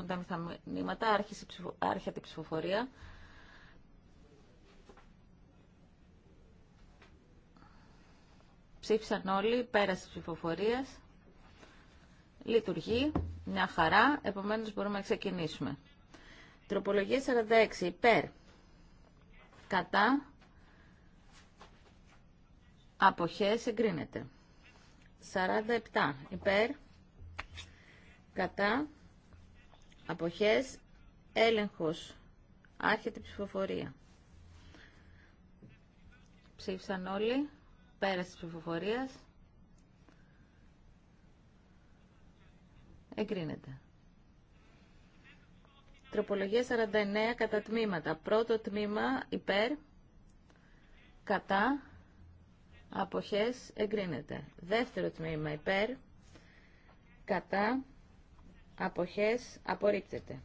λειτουργούν τα μηχανήματα. Άρχεται η ψηφοφορία. Ψήφισαν όλοι, πέρασε τη ψηφοφορία. Λειτουργεί, μια χαρά, επομένως μπορούμε να ξεκινήσουμε. Τροπολογία 46, υπέρ, κατά, αποχές, εγκρίνεται. 47, υπέρ, κατά, αποχές, έλεγχος, άρχεται ψηφοφορία. Ψήφισαν όλοι, πέρασε της ψηφοφορίας. Εγκρίνεται. Τροπολογία 49 κατά τμήματα. Πρώτο τμήμα υπέρ, κατά, αποχές, εγκρίνεται. Δεύτερο τμήμα υπέρ, κατά, αποχές απορρίπτεται.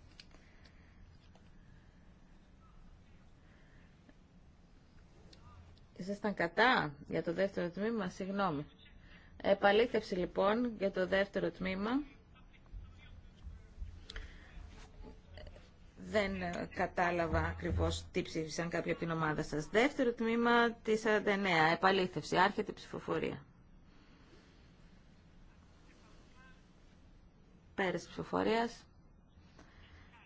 Ήσασταν κατά για το δεύτερο τμήμα, συγγνώμη. Επαλήθευση λοιπόν για το δεύτερο τμήμα. Δεν κατάλαβα ακριβώς τι ψήφισαν κάποιοι από την ομάδα σας. Δεύτερο τμήμα τη. 49, επαλήθευση, άρχεται η ψηφοφορία. Πέρας ψηφοφορίας.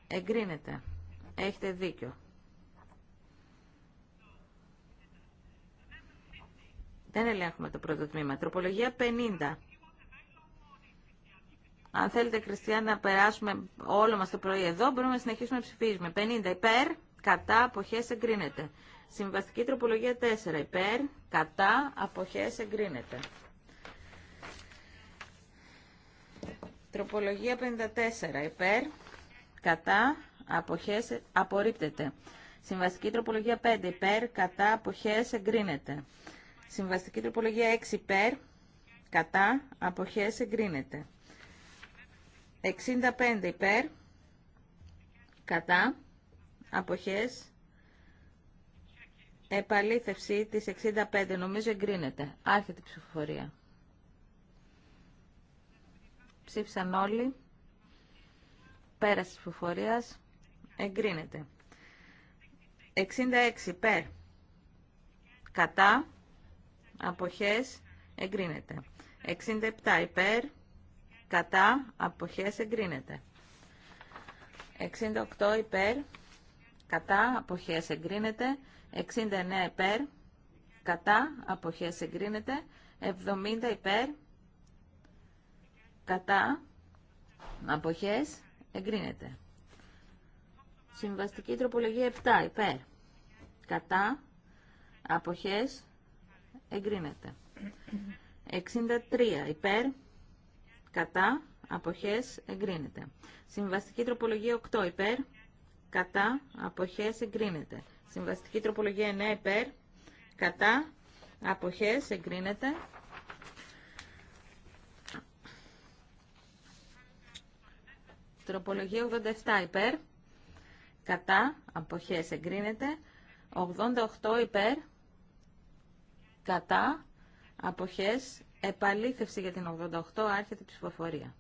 Εγκρίνεται. Έχετε δίκιο. Δεν ελέγχουμε το πρώτο τμήμα. Τροπολογία 50. Αν θέλετε, Κριστιαν, να περάσουμε όλο μας το πρωί εδώ, μπορούμε να συνεχίσουμε να ψηφίζουμε. 50 υπέρ, κατά, αποχές, εγκρίνεται. Συμβαστική τροπολογία 4 υπέρ, κατά, αποχές, εγκρίνεται. Τροπολογία 54 υπέρ, κατά, αποχές, απορρίπτεται. Συμβαστική τροπολογία 5 υπέρ, κατά, αποχές, εγκρίνεται. Συμβαστική τροπολογία 6 υπέρ, κατά, αποχές, εγκρίνεται. 65 υπέρ, κατά, αποχές, επαλήθευση της 65, νομίζω εγκρίνεται. Άρχεται η ψηφοφορία. Ψήφισαν όλοι. Πέραση της ψηφοφορίας. Εγκρίνεται. 66 υπέρ. Κατά. Αποχές. Εγκρίνεται. 67 υπέρ. Κατά. Αποχές. Εγκρίνεται. 68 υπέρ. Κατά. Αποχές. Εγκρίνεται. 69 υπέρ. Κατά. Αποχές. Εγκρίνεται. 70 υπέρ. Κατά. Αποχές. Εγκρίνεται. Συμβαστική τροπολογία 7. Υπέρ. Κατά. Αποχές. Εγκρίνεται. 63. Υπέρ. Κατά. Αποχές. Εγκρίνεται. Συμβαστική τροπολογία 8. Υπέρ. Κατά. Αποχές. Εγκρίνεται. Συμβαστική τροπολογία 9. Υπέρ. Κατά. Αποχές. Εγκρίνεται. Τροπολογία 87 υπέρ. Κατά. Αποχές εγκρίνεται. 88 υπέρ. Κατά. Αποχές. Επαλήθευση για την 88. Άρχεται η ψηφοφορία.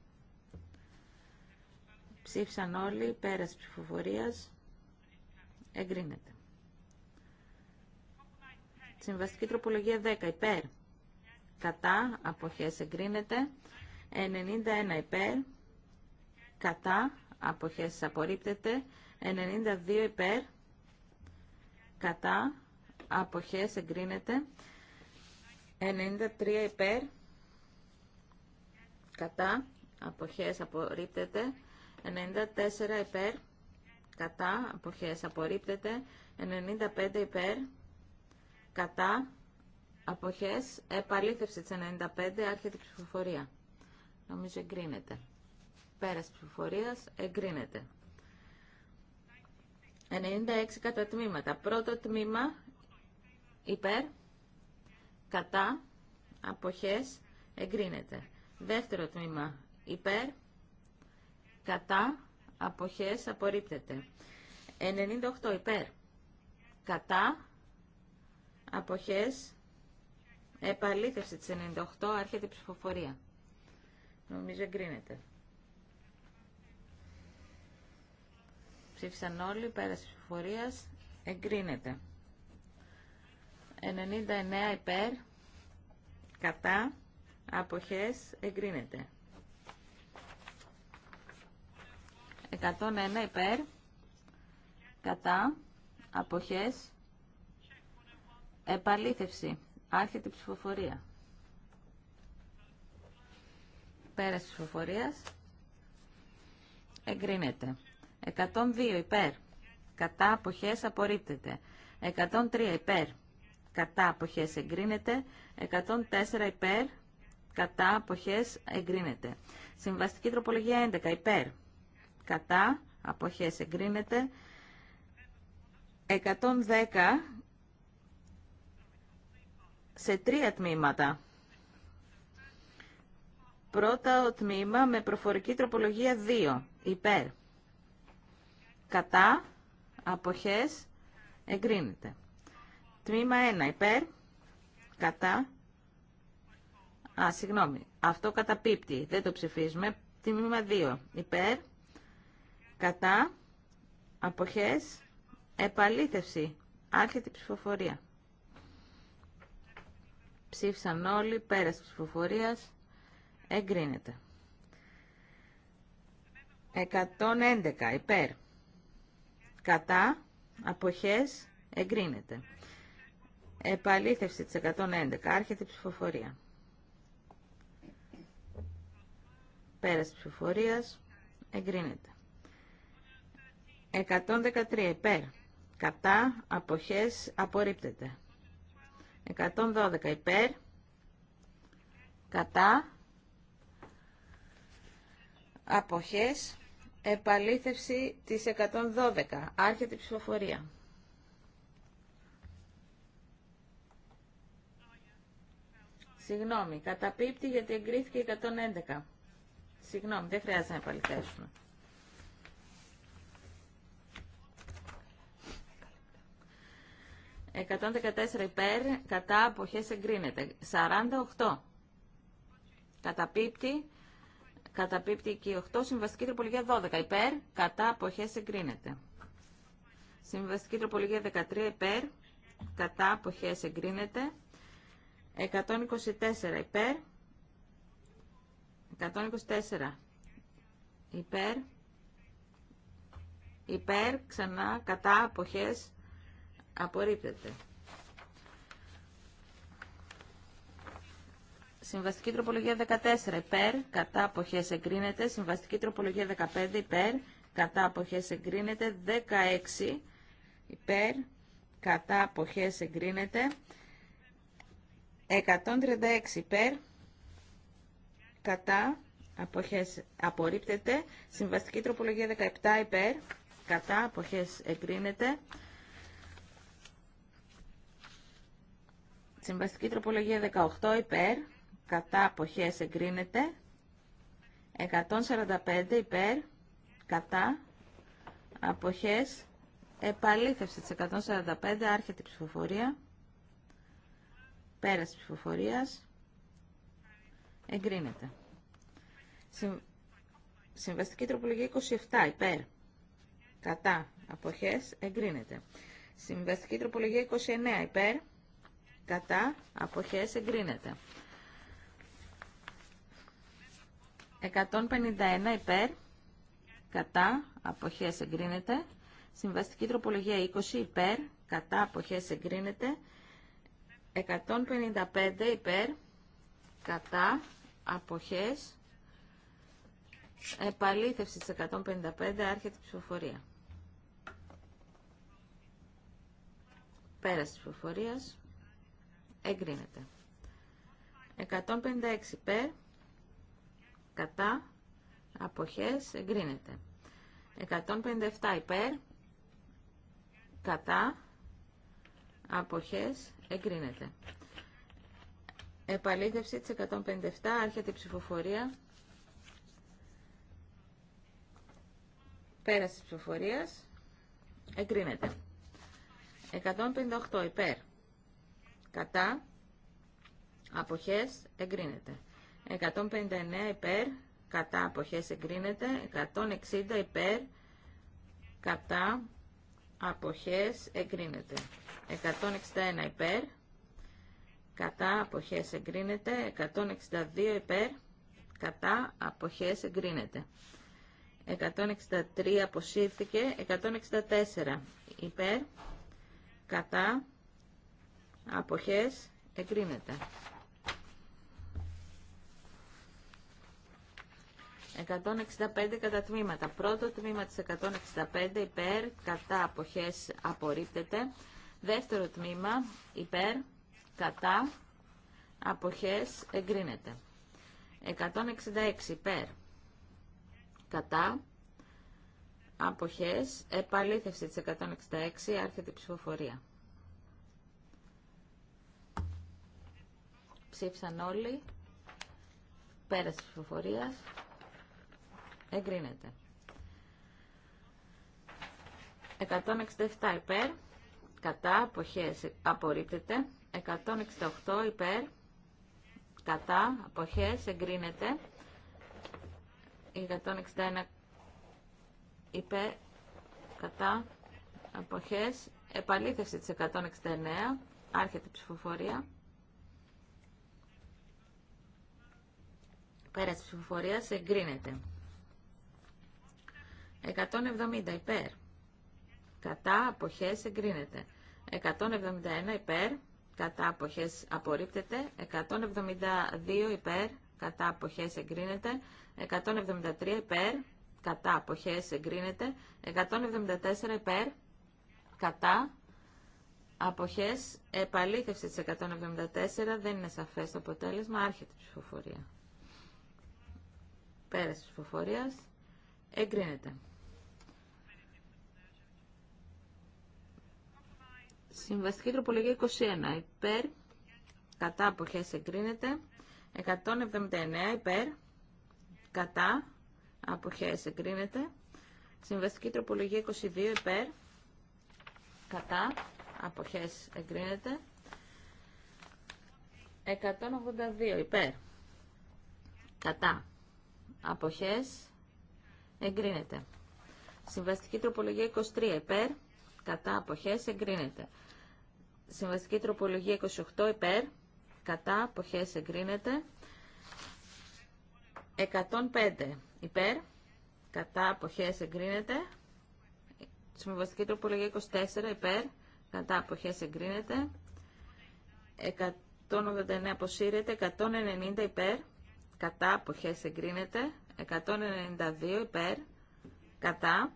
Ψήφισαν όλοι. Πέρας ψηφοφορίας. Εγκρίνεται. Συμβαστική τροπολογία 10 υπέρ. Κατά. Αποχές εγκρίνεται. 91 υπέρ κατά, αποχές απορρίπτεται, 92 υπέρ, κατά, αποχές εγκρίνεται, 93 υπέρ, κατά, αποχές απορρίπτεται, 94 υπέρ, κατά, αποχές απορρίπτεται, 95 υπέρ, κατά, αποχές, επαλήθευση της 95, άρχεται η ψηφοφορία. Νομίζω εγκρίνεται. Πέρας ψηφοφορίας εγκρίνεται. 96 κατά τμήματα. Πρώτο τμήμα υπέρ, κατά, αποχές, εγκρίνεται. Δεύτερο τμήμα υπέρ, κατά, αποχές, απορρίπτεται. 98 υπέρ, κατά, αποχές, επαλήθευση της 98, άρχεται η ψηφοφορία. Νομίζω εγκρίνεται. Ψήφισαν όλοι, πέρασε ψηφοφορία. Εγκρίνεται. 99 υπέρ, κατά, αποχές, εγκρίνεται. 101 υπέρ, κατά, αποχές, επαλήθευση, άρχεται η ψηφοφορία. Πέρας ψηφοφορίας, εγκρίνεται. 102 υπέρ. Κατά αποχές απορρίπτεται. 103 υπέρ. Κατά αποχές εγκρίνεται. 104 υπέρ. Κατά αποχές εγκρίνεται. Συμβαστική τροπολογία 11 υπέρ. Κατά αποχές εγκρίνεται. 110 σε τρία τμήματα. Πρώτα τμήμα με προφορική τροπολογία 2 υπέρ κατά, αποχές, εγκρίνεται. Τμήμα 1 υπέρ, κατά, α, συγγνώμη, αυτό καταπίπτει, δεν το ψηφίζουμε. Τμήμα 2 υπέρ, κατά, αποχές, επαλήθευση, άρχεται η ψηφοφορία. Ψήφισαν όλοι, πέρας της ψηφοφορίας, εγκρίνεται. 111 υπέρ κατά, αποχές, εγκρίνεται. Επαλήθευση της 111, άρχεται η ψηφοφορία. Πέρας ψηφοφορίας, εγκρίνεται. 113 υπέρ, κατά, αποχές, απορρίπτεται. 112 υπέρ, κατά, αποχές, Επαλήθευση της 112. Άρχεται η ψηφοφορία. Συγγνώμη, καταπίπτει γιατί εγκρίθηκε η 111. Συγγνώμη, δεν χρειάζεται να επαληθεύσουμε. «114 υπέρ, κατά αποχές εγκρίνεται. 48 καταπίπτει Καταπίπτει και 8. Συμβαστική τροπολογία 12. Υπέρ. Κατά. Αποχές εγκρίνεται. Συμβαστική τροπολογία 13. Υπέρ. Κατά. Αποχές εγκρίνεται. 124. Υπέρ. 124. Υπέρ. Υπέρ. Ξανά. Κατά. Αποχές απορρίπτεται. Συμβαστική τροπολογία 14 υπέρ, κατά αποχέ εγκρίνεται. Συμβαστική τροπολογία 15 υπέρ, κατά αποχέ εγκρίνεται. 16 υπέρ, κατά αποχέ εγκρίνεται. 136 υπέρ, κατά αποχέ απορρίπτεται. Συμβαστική τροπολογία 17 υπέρ, κατά αποχέ εγκρίνεται. Συμβαστική τροπολογία 18 υπέρ, κατά αποχές εγκρίνεται 145 υπέρ κατά αποχές επαλήθευση της 145 άρχεται η ψηφοφορία πέρας ψηφοφορίας εγκρίνεται Συμβαστική τροπολογία 27 υπέρ κατά αποχές εγκρίνεται Συμβαστική τροπολογία 29 υπέρ κατά αποχές εγκρίνεται 151 υπέρ, κατά, αποχές εγκρίνεται. Συμβαστική τροπολογία 20 υπέρ, κατά, αποχές εγκρίνεται. 155 υπέρ, κατά, αποχές, επαλήθευση 155, άρχεται ψηφοφορία. Πέραση της ψηφοφορίας, εγκρίνεται. 156 υπέρ, κατά, αποχές, εγκρίνεται. 157 υπέρ, κατά, αποχές, εγκρίνεται. Επαλήθευση της 157, άρχεται η ψηφοφορία. Πέραση της ψηφοφορίας, εγκρίνεται. 158 υπέρ, κατά, αποχές, εγκρίνεται. 159 υπέρ, κατά αποχές εγκρίνεται, 160 υπέρ, κατά αποχές εγκρίνεται, 161 υπέρ, κατά αποχές εγκρίνεται, 162 υπέρ, κατά αποχές εγκρίνεται. 163 αποσύρθηκε, 164 υπέρ, κατά αποχές εγκρίνεται. 165 κατά τμήματα. Πρώτο τμήμα της 165 υπέρ, κατά αποχές απορρίπτεται. Δεύτερο τμήμα υπέρ, κατά αποχές εγκρίνεται. 166 υπέρ, κατά αποχές επαλήθευση της 166 άρχεται η ψηφοφορία. Ψήφισαν όλοι. Πέρασε η ψηφοφορία. Εγκρίνεται. 167 υπέρ. Κατά αποχές απορρίπτεται. 168 υπέρ. Κατά αποχές εγκρίνεται. 161 υπέρ. Κατά αποχές. Επαλήθευση της 169. Άρχεται η ψηφοφορία. Πέρας ψηφοφορίας εγκρίνεται. 170 υπέρ. Κατά αποχές εγκρίνεται. 171 υπέρ. Κατά αποχές απορρίπτεται. 172 υπέρ. Κατά αποχές εγκρίνεται. 173 υπέρ. Κατά αποχές εγκρίνεται. 174 υπέρ. Κατά αποχές επαλήθευση της 174. Δεν είναι σαφές το αποτέλεσμα. Άρχεται η ψηφοφορία. Πέρας ψηφοφορίας εγκρίνεται. Συμβαστική τροπολογία 21. Υπέρ. Κατά αποχές εγκρίνεται. 179 υπέρ. Κατά αποχές εγκρίνεται. Συμβαστική τροπολογία 22 υπέρ. Κατά αποχές εγκρίνεται. 182 υπέρ. Κατά αποχές εγκρίνεται. Συμβαστική τροπολογία 23 υπέρ. Κατά αποχές εγκρίνεται. Συμβαστική τροπολογία 28 υπέρ, κατά, αποχές εγκρίνεται. 105 υπέρ, κατά, αποχές εγκρίνεται. Συμβαστική τροπολογία 24 υπέρ, κατά, αποχές εγκρίνεται. 189 αποσύρεται, 190 υπέρ, κατά, αποχές εγκρίνεται. 192 υπέρ, κατά,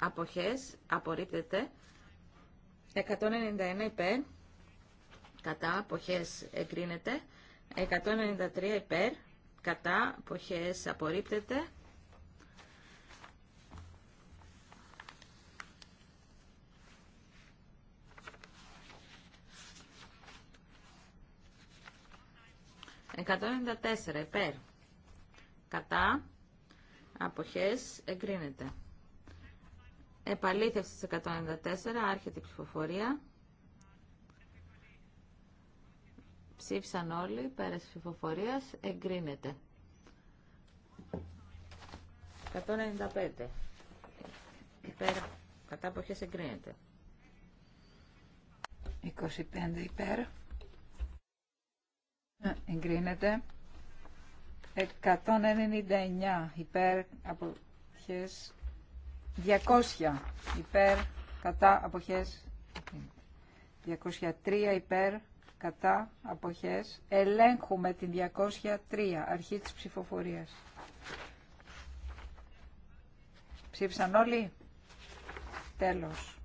αποχές απορρίπτεται. 191 υπέρ, κατά αποχές εγκρίνεται, 193 υπέρ, κατά αποχές απορρίπτεται, 194 υπέρ, κατά αποχές εγκρίνεται. Επαλήθευση 194, άρχεται η ψηφοφορία. Ψήφισαν όλοι, πέρας της ψηφοφορίας, εγκρίνεται. 195. Υπέρ, κατά αποχές εγκρίνεται. 25 υπέρ. Ε, εγκρίνεται. 199 υπέρ αποχές 200 υπέρ κατά αποχές 203 υπέρ κατά αποχές ελέγχουμε την 203 αρχή της ψηφοφορίας ψήφισαν όλοι τέλος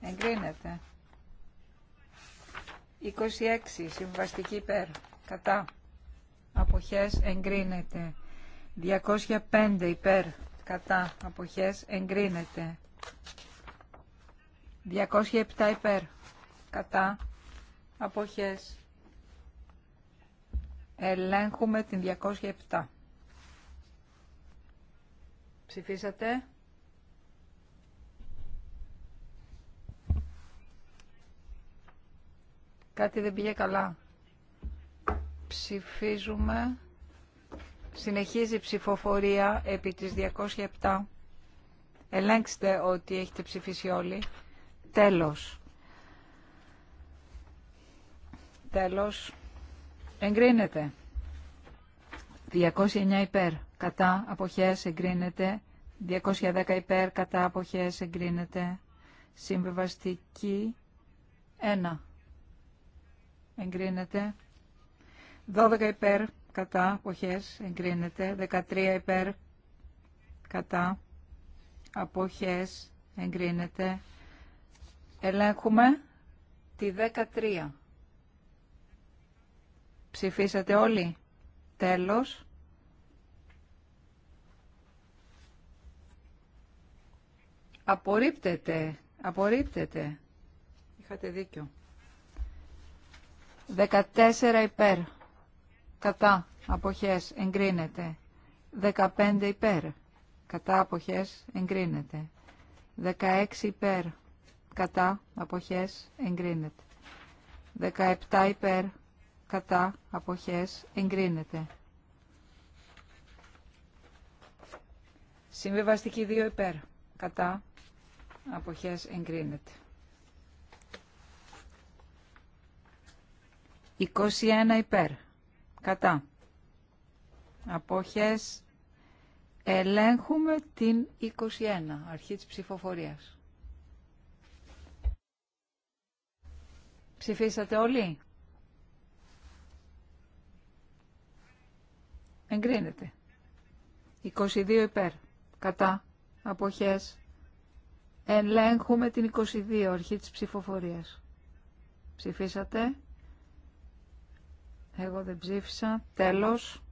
εγκρίνεται 26 συμβαστική υπέρ κατά αποχές εγκρίνεται 205 υπέρ κατά αποχές εγκρίνεται. 207 υπέρ κατά αποχές. Ελέγχουμε την 207. Ψηφίσατε. Κάτι δεν πήγε καλά. Ψηφίζουμε. Συνεχίζει ψηφοφορία επί της 207. Ελέγξτε ότι έχετε ψηφίσει όλοι. Τέλος. Τέλος. Εγκρίνεται. 209 υπέρ. Κατά αποχές εγκρίνεται. 210 υπέρ. Κατά αποχές εγκρίνεται. Συμβεβαστική 1. Εγκρίνεται. 12 υπέρ κατά αποχές εγκρίνεται 13 υπέρ κατά αποχές εγκρίνεται ελέγχουμε τη 13 ψηφίσατε όλοι τέλος απορρίπτεται απορρίπτεται είχατε δίκιο 14 υπέρ κατά αποχές εγκρίνεται 15 υπέρ κατά αποχές εγκρίνεται 16 υπέρ κατά αποχές εγκρίνεται 17 υπέρ κατά αποχές εγκρίνεται Συμβιβαστική 2 υπέρ κατά αποχές εγκρίνεται 21 υπέρ Κατά. Απόχες. Ελέγχουμε την 21, αρχή της ψηφοφορίας. Ψηφίσατε όλοι. Εγκρίνεται. 22 υπέρ. Κατά. Αποχές. Ελέγχουμε την 22, αρχή της ψηφοφορίας. Ψηφίσατε. Εγώ δεν ψήφισα. Τέλος.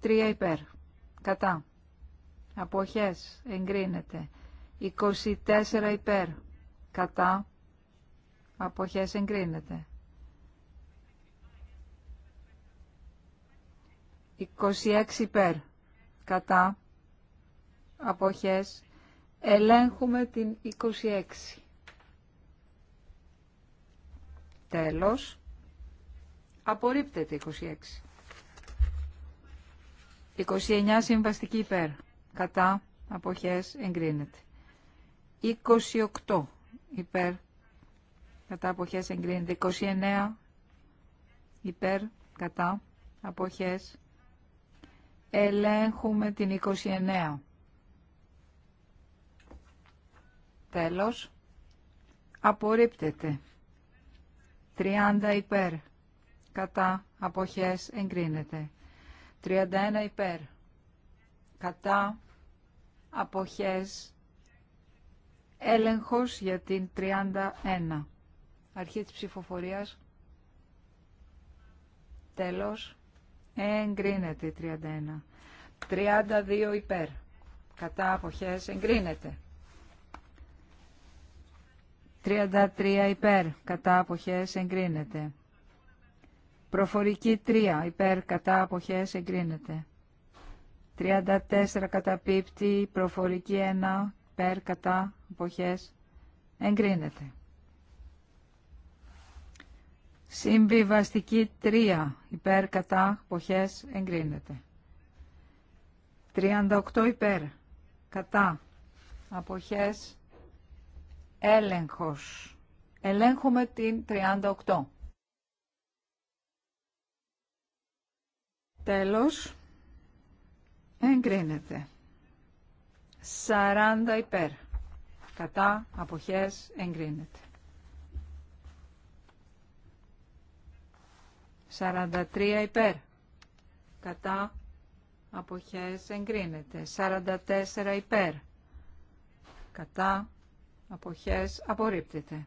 23 υπέρ. Κατά. Αποχές. Εγκρίνεται. 24 υπέρ. Κατά. Αποχές εγκρίνεται. 26 υπέρ. Κατά. Αποχές. Ελέγχουμε την 26. Τέλος. Απορρίπτεται 26. 29 συμβαστική υπέρ. Κατά αποχές εγκρίνεται. 28 υπέρ. Κατά αποχές εγκρίνεται. 29 υπέρ. Κατά αποχές. Ελέγχουμε την 29. Τέλος. Απορρίπτεται. 30 υπέρ. Κατά αποχές εγκρίνεται. 31 υπέρ. Κατά αποχές έλεγχος για την 31. Αρχή της ψηφοφορίας. Τέλος. Εγκρίνεται η 31. 32 υπέρ. Κατά αποχές εγκρίνεται. 33 υπέρ κατά αποχές εγκρίνεται. Προφορική 3 υπέρ κατά αποχές εγκρίνεται. 34 κατά πίπτη, προφορική 1 υπέρ κατά αποχές εγκρίνεται. Συμβιβαστική 3 υπέρ κατά αποχές εγκρίνεται. 38 υπέρ κατά αποχές Έλεγχος. Ελέγχουμε την 38. Τέλος. Εγκρίνεται. 40 υπέρ. Κατά αποχές εγκρίνεται. 43 υπέρ. Κατά αποχές εγκρίνεται. 44 υπέρ. Κατά αποχές απορρίπτεται.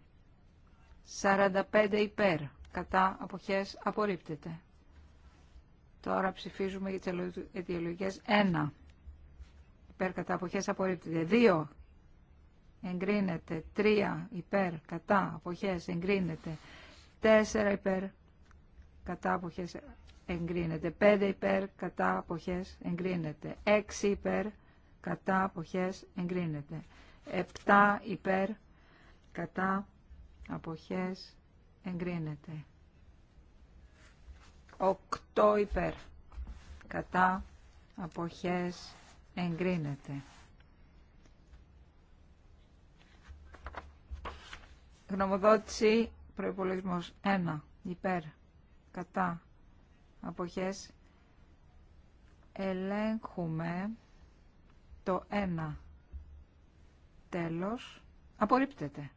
45 υπέρ κατά αποχές απορρίπτεται. Τώρα ψηφίζουμε για τις αιτιολογικές 1 υπέρ κατά αποχές απορρίπτεται. 2 εγκρίνεται. 3 υπέρ κατά αποχές εγκρίνεται. 4 υπέρ κατά αποχές εγκρίνεται. 5 υπέρ κατά αποχές εγκρίνεται. 6 υπέρ κατά αποχές εγκρίνεται. 7 υπέρ κατά αποχές εγκρίνεται. 8 υπέρ κατά αποχές εγκρίνεται. Γνωμοδότηση προϋπολογισμός 1 υπέρ κατά αποχές ελέγχουμε το 1 Τέλος. Απορρίπτεται.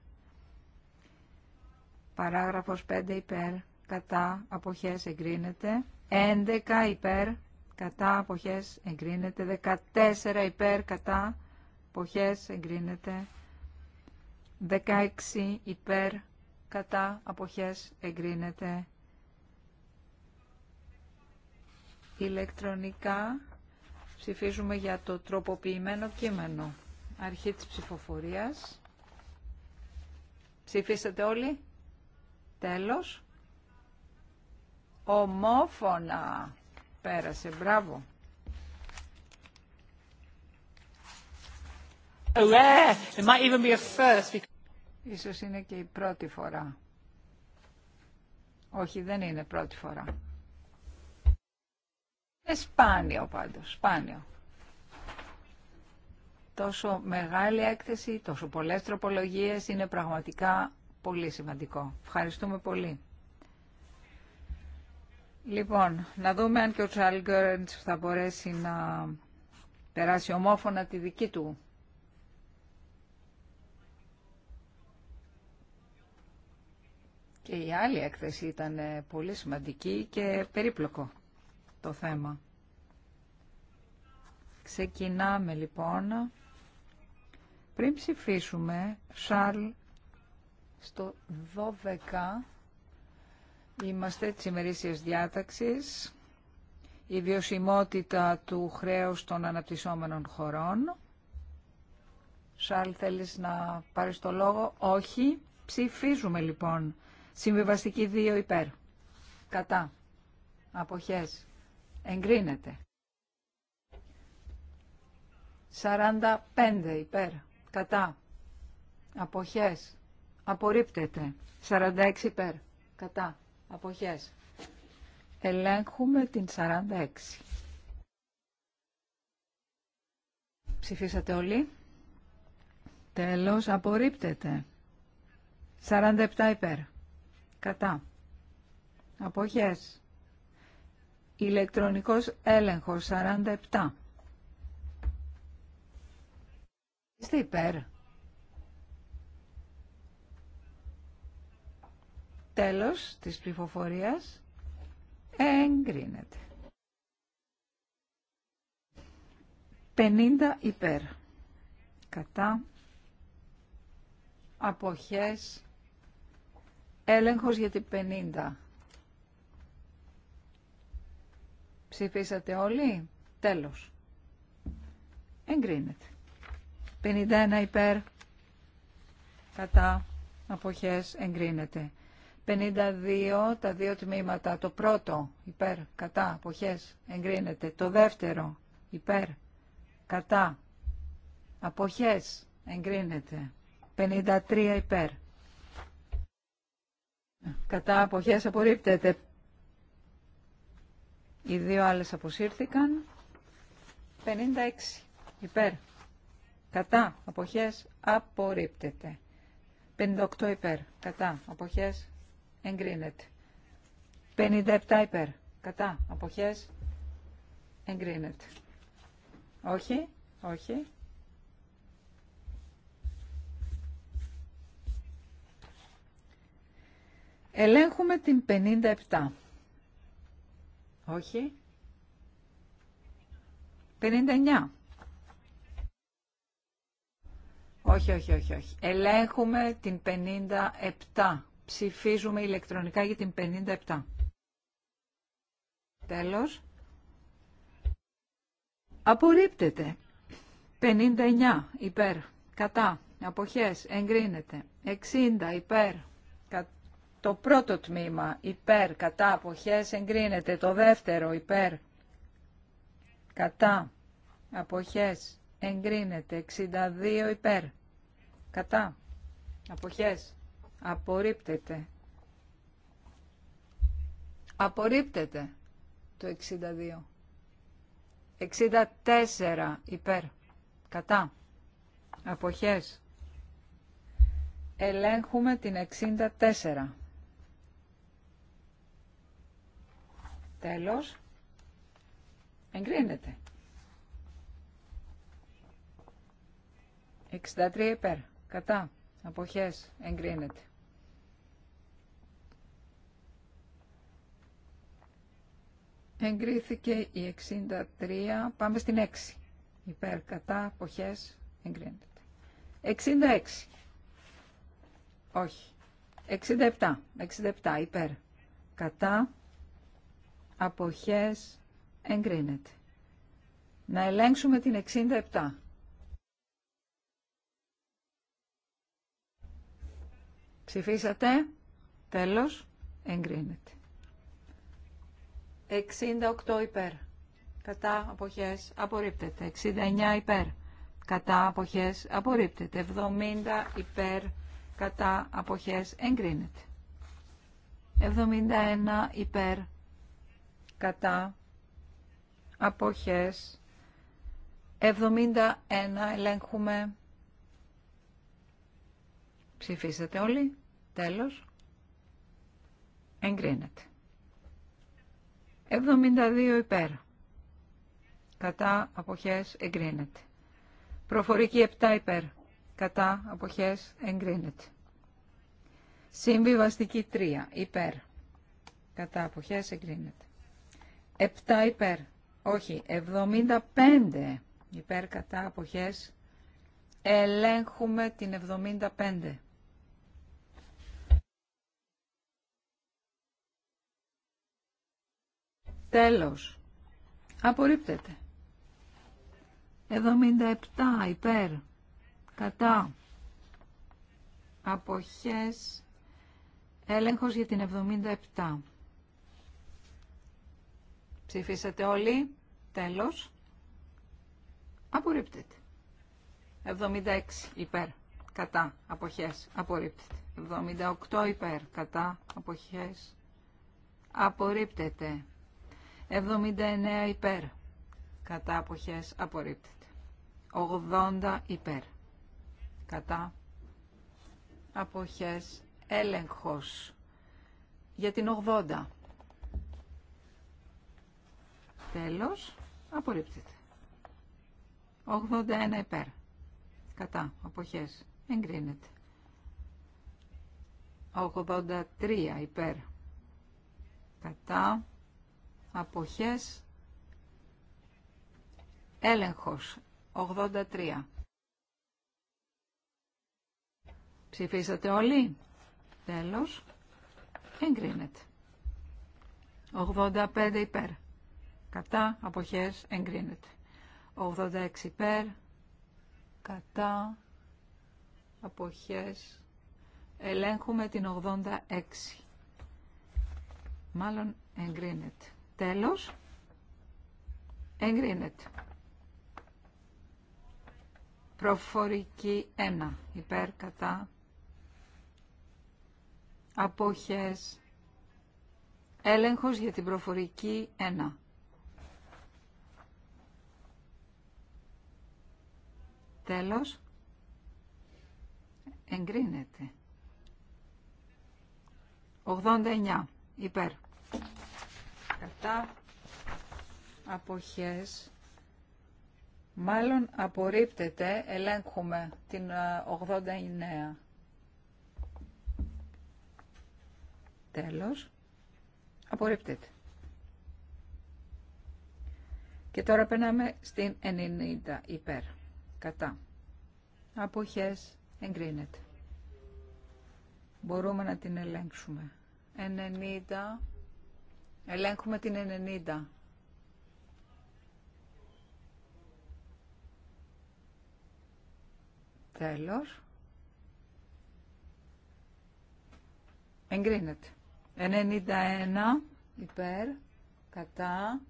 Παράγραφος 5 υπέρ. Κατά αποχές εγκρίνεται. 11 υπέρ. Κατά αποχές εγκρίνεται. 14 υπέρ. Κατά αποχές εγκρίνεται. 16 υπέρ. Κατά αποχές εγκρίνεται. Ηλεκτρονικά ψηφίζουμε για το τροποποιημένο κείμενο. Αρχή της ψηφοφορίας. Ψηφίσατε όλοι. Τέλος. Ομόφωνα. Πέρασε. Μπράβο. Oh, It Ίσως είναι και η πρώτη φορά. Όχι, δεν είναι πρώτη φορά. Είναι σπάνιο πάντως, σπάνιο τόσο μεγάλη έκθεση, τόσο πολλές τροπολογίες είναι πραγματικά πολύ σημαντικό. Ευχαριστούμε πολύ. Λοιπόν, να δούμε αν και ο Τσάλ θα μπορέσει να περάσει ομόφωνα τη δική του. Και η άλλη έκθεση ήταν πολύ σημαντική και περίπλοκο το θέμα. Ξεκινάμε λοιπόν πριν ψηφίσουμε, Σαρλ, στο 12 είμαστε της ημερήσιας διάταξης, η βιωσιμότητα του χρέους των αναπτυσσόμενων χωρών. Σαρλ, θέλεις να πάρεις το λόγο. Όχι. Ψηφίζουμε λοιπόν. Συμβιβαστική 2 υπέρ. Κατά. Αποχές. Εγκρίνεται. 45 υπέρ κατά, αποχές, απορρίπτεται. 46 υπέρ, κατά, αποχές. Ελέγχουμε την 46. Ψηφίσατε όλοι. Τέλος, απορρίπτεται. 47 υπέρ, κατά, αποχές. Ηλεκτρονικός έλεγχος 47. Είστε υπέρ. Τέλος της ψηφοφορίας εγκρίνεται. 50 υπέρ. Κατά. Αποχές. Έλεγχος για την 50. Ψηφίσατε όλοι. Τέλος. Εγκρίνεται. 51 υπέρ κατά αποχές εγκρίνεται. 52 τα δύο τμήματα. Το πρώτο υπέρ κατά αποχές εγκρίνεται. Το δεύτερο υπέρ κατά αποχές εγκρίνεται. 53 υπέρ. Κατά αποχές απορρίπτεται. Οι δύο άλλες αποσύρθηκαν. 56 υπέρ κατά αποχές απορρίπτεται. 58 υπέρ κατά αποχές εγκρίνεται. 57 υπέρ κατά αποχές εγκρίνεται. Όχι, όχι. Ελέγχουμε την 57. Όχι. 59. Όχι, όχι, όχι, όχι. Ελέγχουμε την 57. Ψηφίζουμε ηλεκτρονικά για την 57. Τέλος. Απορρίπτεται. 59 υπέρ. Κατά. Αποχές. Εγκρίνεται. 60 υπέρ. Το πρώτο τμήμα υπέρ. Κατά. Αποχές. Εγκρίνεται. Το δεύτερο υπέρ. Κατά. Αποχές. Εγκρίνεται. 62 υπέρ. Κατά. Αποχές. Απορρίπτεται. Απορρίπτεται το 62. 64 υπέρ. Κατά. Αποχές. Ελέγχουμε την 64. Τέλος. Εγκρίνεται. 63 υπέρ. Κατά. Αποχές. Εγκρίνεται. Εγκρίθηκε η 63. Πάμε στην 6. Υπέρ. Κατά. Αποχές. Εγκρίνεται. 66. Όχι. 67. 67. Υπέρ. Κατά. Αποχές. Εγκρίνεται. Να ελέγξουμε την 67. Ψηφίσατε. Τέλος. Εγκρίνεται. 68 υπέρ. Κατά αποχές απορρίπτεται. 69 υπέρ. Κατά αποχές απορρίπτεται. 70 υπέρ. Κατά αποχές εγκρίνεται. 71 υπέρ. Κατά αποχές. 71 ελέγχουμε. Ψηφίσατε όλοι. Τέλος. Εγκρίνεται. 72 υπέρ. Κατά αποχές εγκρίνεται. Προφορική 7 υπέρ. Κατά αποχές εγκρίνεται. Συμβιβαστική 3 υπέρ. Κατά αποχές εγκρίνεται. 7 υπέρ. Όχι, 75 υπέρ κατά αποχές. Ελέγχουμε την 75. Τέλος. Απορρίπτεται. 77 υπέρ. Κατά. Αποχές. Έλεγχος για την 77. Ψηφίσατε όλοι. Τέλος. Απορρίπτεται. 76 υπέρ. Κατά. Αποχές. Απορρίπτεται. 78 υπέρ. Κατά. Αποχές. Απορρίπτεται. 79 υπέρ. Κατά αποχές απορρίπτεται. 80 υπέρ. Κατά αποχές έλεγχος. Για την 80. Τέλος. Απορρίπτεται. 81 υπέρ. Κατά αποχές. Εγκρίνεται. 83 υπέρ. Κατά αποχές, έλεγχος, 83. Ψηφίσατε όλοι, τέλος, εγκρίνεται. 85 υπέρ, κατά, αποχές, εγκρίνεται. 86 υπέρ, κατά, αποχές, ελέγχουμε την 86. Μάλλον εγκρίνεται. Τέλος. Εγκρίνεται. Προφορική 1. Υπέρ κατά. Απόχες. Έλεγχος για την προφορική 1. Τέλος. Εγκρίνεται. 89. Υπέρ κατά αποχές μάλλον απορρίπτεται ελέγχουμε την 89 ε, τέλος απορρίπτεται και τώρα περνάμε στην 90 υπέρ κατά αποχές εγκρίνεται μπορούμε να την ελέγξουμε 90 Ελέγχουμε την 90. Τέλος. Εγκρίνεται. 91 υπέρ, κατά,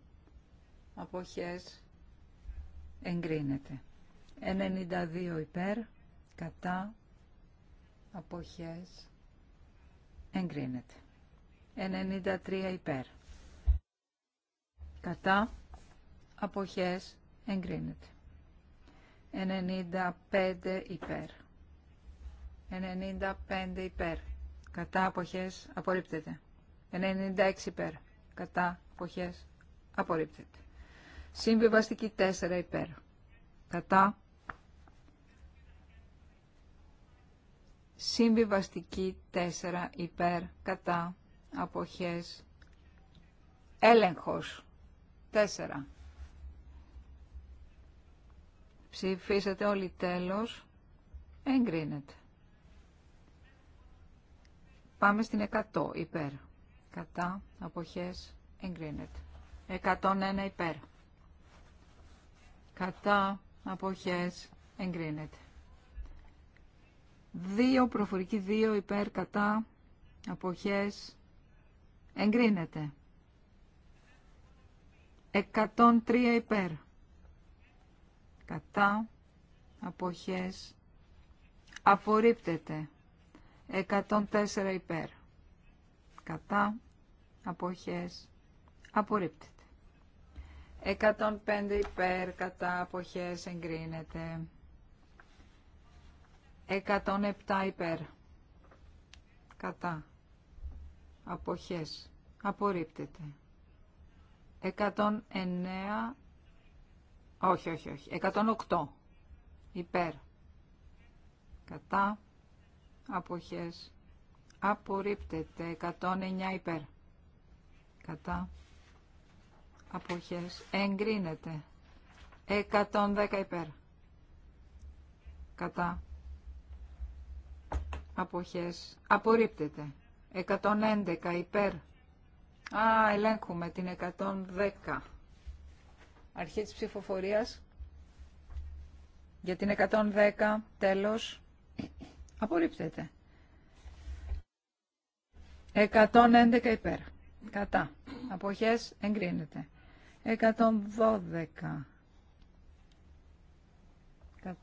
αποχές, εγκρίνεται. 92 υπέρ, κατά, αποχές, εγκρίνεται. 93 υπέρ κατά αποχές εγκρίνεται. 95 υπέρ. 95 υπέρ. Κατά αποχές απορρίπτεται. 96 υπέρ. Κατά αποχές απορρίπτεται. Συμβιβαστική 4 υπέρ. Κατά. Συμβιβαστική 4 υπέρ. Κατά αποχές έλεγχος. 4. Ψηφίσατε όλοι τέλος. Εγκρίνεται. Πάμε στην 100 υπέρ. Κατά αποχές εγκρίνεται. 101 υπέρ. Κατά αποχές εγκρίνεται. 2 προφορική 2 υπέρ κατά αποχές εγκρίνεται. 103 υπέρ. Κατά αποχές απορρίπτεται. 104 υπέρ. Κατά αποχές απορρίπτεται. 105 υπέρ κατά αποχές εγκρίνεται. 107 υπέρ κατά αποχές απορρίπτεται. 109, όχι, όχι, όχι, 108, υπέρ, κατά, αποχές, απορρίπτεται, 109 υπέρ, κατά, αποχές, εγκρίνεται, 110 υπέρ, κατά, αποχές, απορρίπτεται, 111 υπέρ, Α, ελέγχουμε την 110. Αρχή της ψηφοφορίας. Για την 110, τέλος, απορρίπτεται. 111 υπέρ. Κατά. Αποχές εγκρίνεται. 112. Κατά.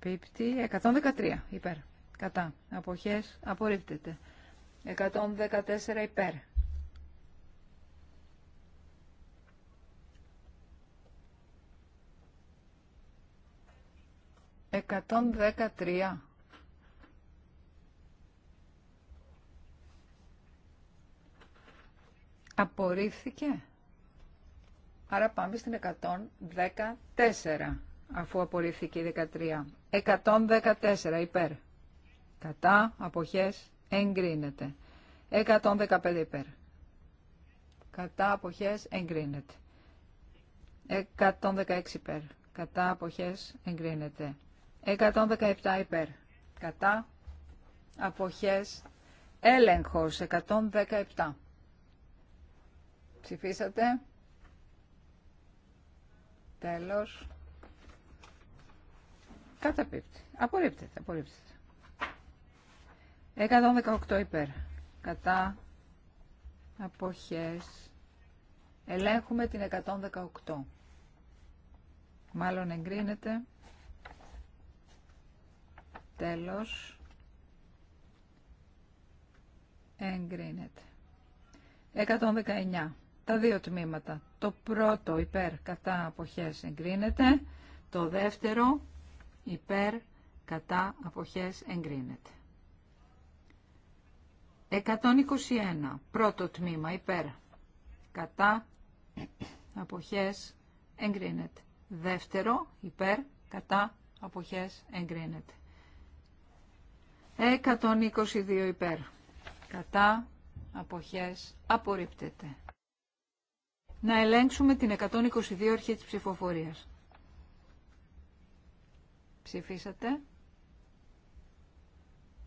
Πίπτη. 113 υπέρ. Κατά. Αποχές απορρίπτεται. 114 υπέρ. 113. Απορρίφθηκε. Άρα πάμε στην 114, αφού απορρίφθηκε η 13. 114 υπέρ. Κατά, αποχές, εγκρίνεται. 115 υπέρ. Κατά, αποχές, εγκρίνεται. 116 υπέρ. Κατά, αποχές, εγκρίνεται. 117 υπέρ. Κατά. Αποχές. Έλεγχος 117. Ψηφίσατε. Τέλος. Καταπίπτει. Απορρίπτεται. Απορρίπτεται. 118 υπέρ. Κατά. Αποχές. Ελέγχουμε την 118. Μάλλον εγκρίνεται. Τέλος. Εγκρίνεται. 119. Τα δύο τμήματα. Το πρώτο υπέρ κατά αποχές εγκρίνεται. Το δεύτερο υπέρ κατά αποχές εγκρίνεται. 121. Πρώτο τμήμα υπέρ κατά αποχές εγκρίνεται. Δεύτερο υπέρ κατά αποχές εγκρίνεται. 122 υπέρ. Κατά αποχές απορρίπτεται. Να ελέγξουμε την 122 αρχή της ψηφοφορίας. Ψηφίσατε.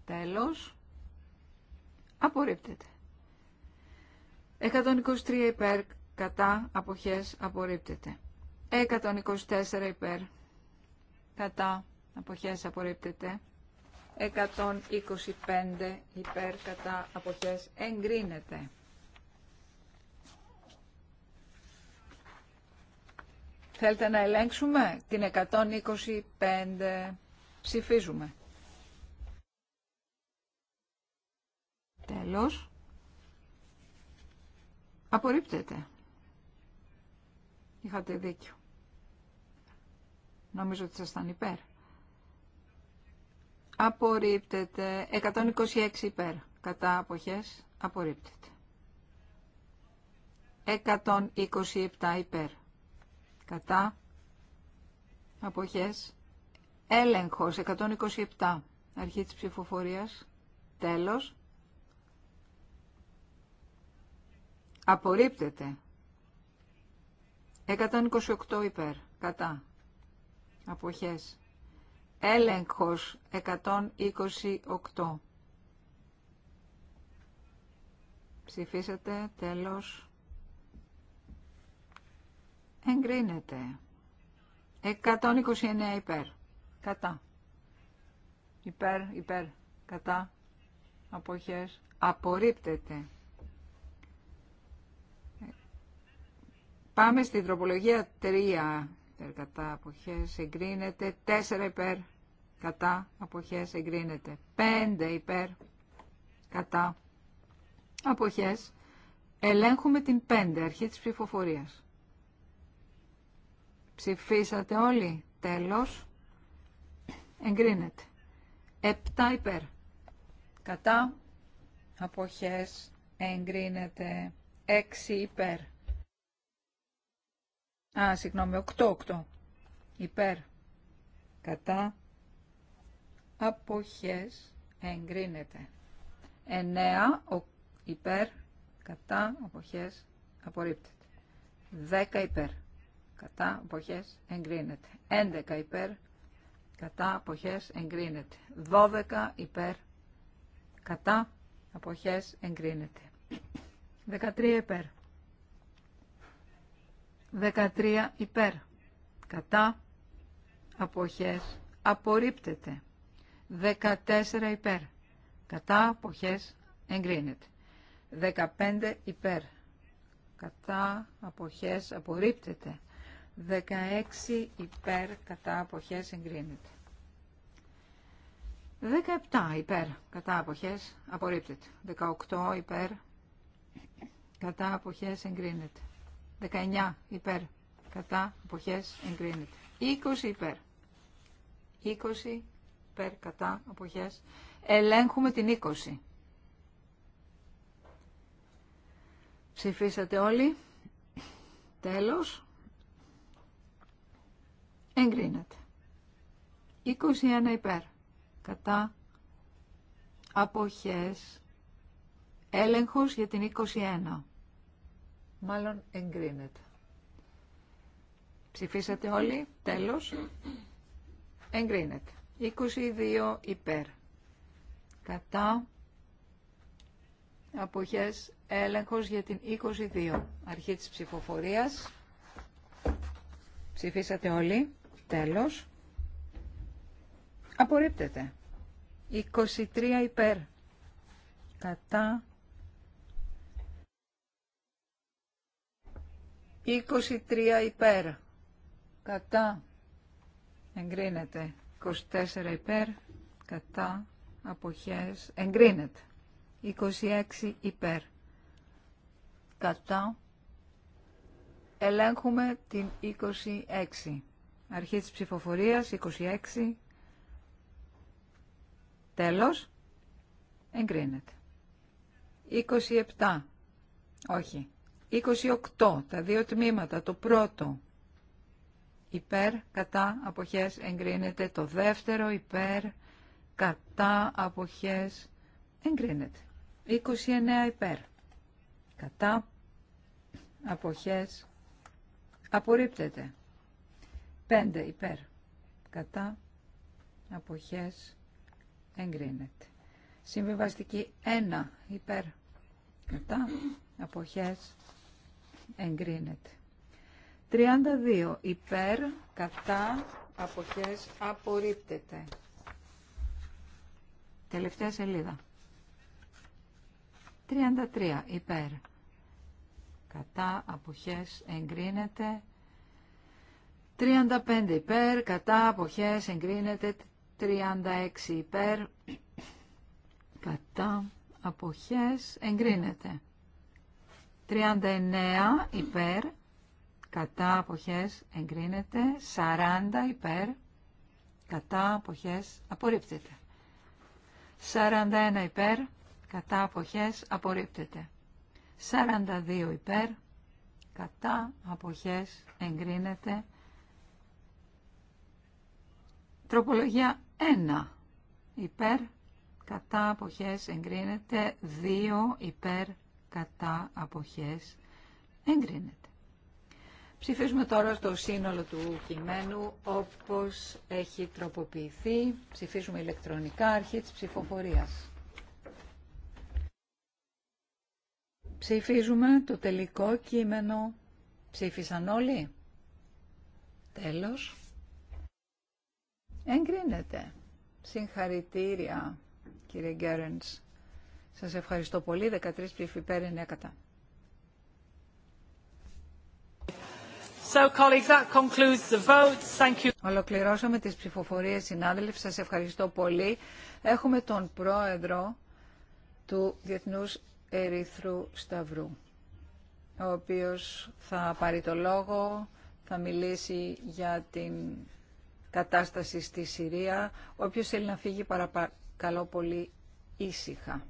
Τέλος. Απορρίπτεται. 123 υπέρ. Κατά αποχές απορρίπτεται. 124 υπέρ. Κατά αποχές απορρίπτεται. 125 υπέρ κατά αποχές εγκρίνεται. Θέλετε να ελέγξουμε την 125 ψηφίζουμε. Τέλος. Απορρίπτεται. Είχατε δίκιο. Νομίζω ότι ήταν υπέρ απορρίπτεται 126 υπέρ κατά αποχές απορρίπτεται 127 υπέρ κατά αποχές έλεγχος 127 αρχή της ψηφοφορίας τέλος απορρίπτεται 128 υπέρ κατά αποχές Έλεγχος 128. Ψηφίσατε, τέλος. Εγκρίνεται. 129 υπέρ. Κατά. Υπέρ, υπέρ, κατά. Αποχές. Απορρίπτεται. Πάμε στην τροπολογία 3 υπέρ κατά αποχές. Εγκρίνεται 4 υπέρ κατά αποχές εγκρίνεται 5 υπέρ κατά αποχές ελέγχουμε την 5 αρχή της ψηφοφορίας ψηφίσατε όλοι τέλος εγκρίνεται 7 υπέρ κατά αποχές εγκρίνεται 6 υπέρ α συγγνώμη 8 8 υπέρ κατά αποχές εγκρίνεται. 9 ο, υπέρ, κατά, αποχές απορρίπτεται. 10 υπέρ, κατά, αποχές εγκρίνεται. 11 υπέρ, κατά, αποχές εγκρίνεται. 12 υπέρ, κατά, αποχές εγκρίνεται. 13 υπέρ. 13 υπέρ. Κατά αποχές απορρίπτεται. 14 υπέρ. Κατά αποχές εγκρίνεται. 15 υπέρ. Κατά αποχές απορρίπτεται. 16 υπέρ. Κατά αποχές εγκρίνεται. 17 υπέρ. Κατά αποχές απορρίπτεται. 18 υπέρ. Κατά αποχές εγκρίνεται. 19 υπέρ. Κατά αποχές εγκρίνεται. 20 υπέρ. 20 υπέρ, κατά, αποχές. Ελέγχουμε την 20. Ψηφίσατε όλοι. Τέλος. Εγκρίνεται. 21 υπέρ. Κατά. Αποχές. Έλεγχος για την 21. Μάλλον εγκρίνεται. Ψηφίσατε όλοι. Τέλος. Εγκρίνεται. 22 υπέρ. Κατά αποχές έλεγχος για την 22. Αρχή της ψηφοφορίας. Ψηφίσατε όλοι. Τέλος. Απορρίπτεται. 23 υπέρ. Κατά. 23 υπέρ. Κατά. Εγκρίνεται. 24 υπέρ, κατά, αποχές, εγκρίνεται. 26 υπέρ, κατά, ελέγχουμε την 26. Αρχή της ψηφοφορίας, 26, τέλος, εγκρίνεται. 27, όχι, 28, τα δύο τμήματα, το πρώτο υπέρ, κατά, αποχές, εγκρίνεται. Το δεύτερο, υπέρ, κατά, αποχές, εγκρίνεται. 29 υπέρ, κατά, αποχές, απορρίπτεται. 5 υπέρ, κατά, αποχές, εγκρίνεται. Συμβιβαστική 1 υπέρ, κατά, αποχές, εγκρίνεται. 32 υπέρ, κατά, αποχές, απορρίπτεται. Τελευταία σελίδα. 33 υπέρ, κατά, αποχές, εγκρίνεται. 35 υπέρ, κατά, αποχές, εγκρίνεται. 36 υπέρ, κατά, αποχές, εγκρίνεται. 39 υπέρ, κατά αποχές εγκρίνεται, 40 υπέρ, κατά αποχές απορρίπτεται. 41 υπέρ, κατά αποχές απορρίπτεται. 42 υπέρ, κατά αποχές εγκρίνεται. Τροπολογία 1 υπέρ, κατά αποχές εγκρίνεται. 2 υπέρ, κατά αποχές εγκρίνεται. Ψηφίζουμε τώρα το σύνολο του κειμένου όπως έχει τροποποιηθεί. Ψηφίζουμε ηλεκτρονικά αρχή της ψηφοφορίας. Ψηφίζουμε το τελικό κείμενο. Ψήφισαν όλοι. Τέλος. Εγκρίνεται. Συγχαρητήρια κύριε Γκέρενς. Σας ευχαριστώ πολύ. 13 ψήφοι Ολοκληρώσαμε τις ψηφοφορίες, συνάδελφοι. Σας ευχαριστώ πολύ. Έχουμε τον πρόεδρο του Διεθνούς Ερυθρού Σταυρού, ο οποίος θα πάρει το λόγο, θα μιλήσει για την κατάσταση στη Συρία. Όποιος θέλει να φύγει παρακαλώ πολύ ήσυχα.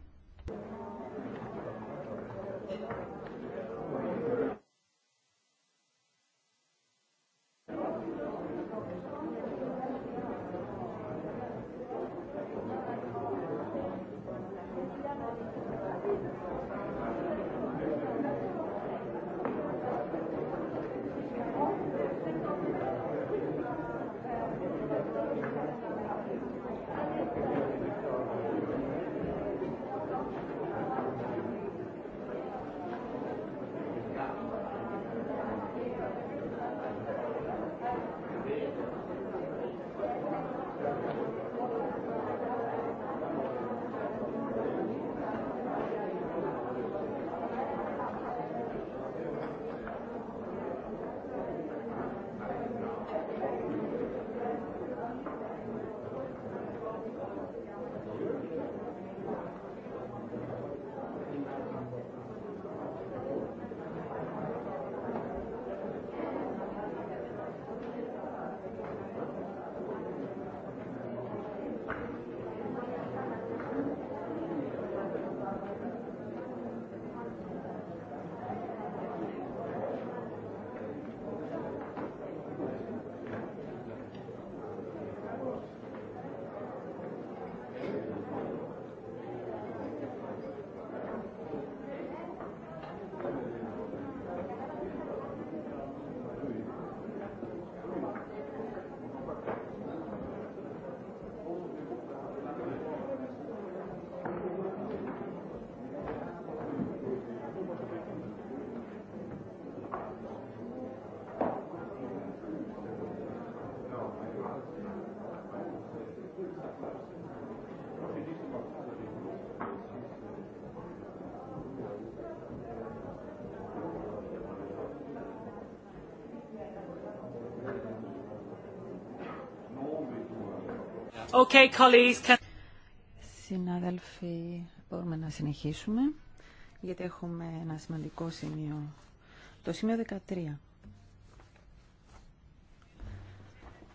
Συνάδελφοι, μπορούμε να συνεχίσουμε, γιατί έχουμε ένα σημαντικό σημείο. Το σημείο 13.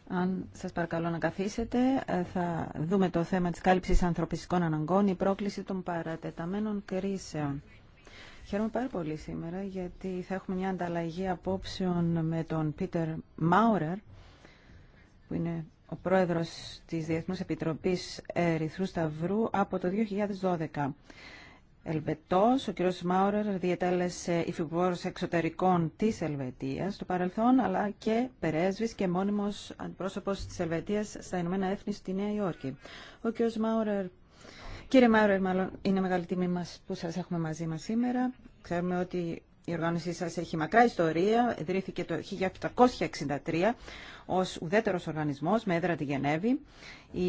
Αν σας παρακαλώ να καθίσετε, ε, θα δούμε το θέμα της κάλυψης ανθρωπιστικών αναγκών, η πρόκληση των παρατεταμένων κρίσεων. Χαίρομαι πάρα πολύ σήμερα, γιατί θα έχουμε μια ανταλλαγή απόψεων με τον Πίτερ Μάουρερ, που είναι ο πρόεδρος της Διεθνούς Επιτροπής Ερυθρού Σταυρού από το 2012. Ελβετός, ο κ. Μάουρερ διετέλεσε υφυπουργός εξωτερικών της Ελβετίας στο παρελθόν, αλλά και περέσβης και μόνιμος αντιπρόσωπος της Ελβετίας στα Ηνωμένα Έθνη στη Νέα Υόρκη. Ο κ. Μάουρερ Κύριε Μάουρερ, μάλλον είναι μεγάλη τιμή μας που σας έχουμε μαζί μας σήμερα. Ξέρουμε ότι η οργάνωσή σας έχει μακρά ιστορία, ιδρύθηκε το 1863 ως ουδέτερος οργανισμός με έδρα τη Γενέβη. Η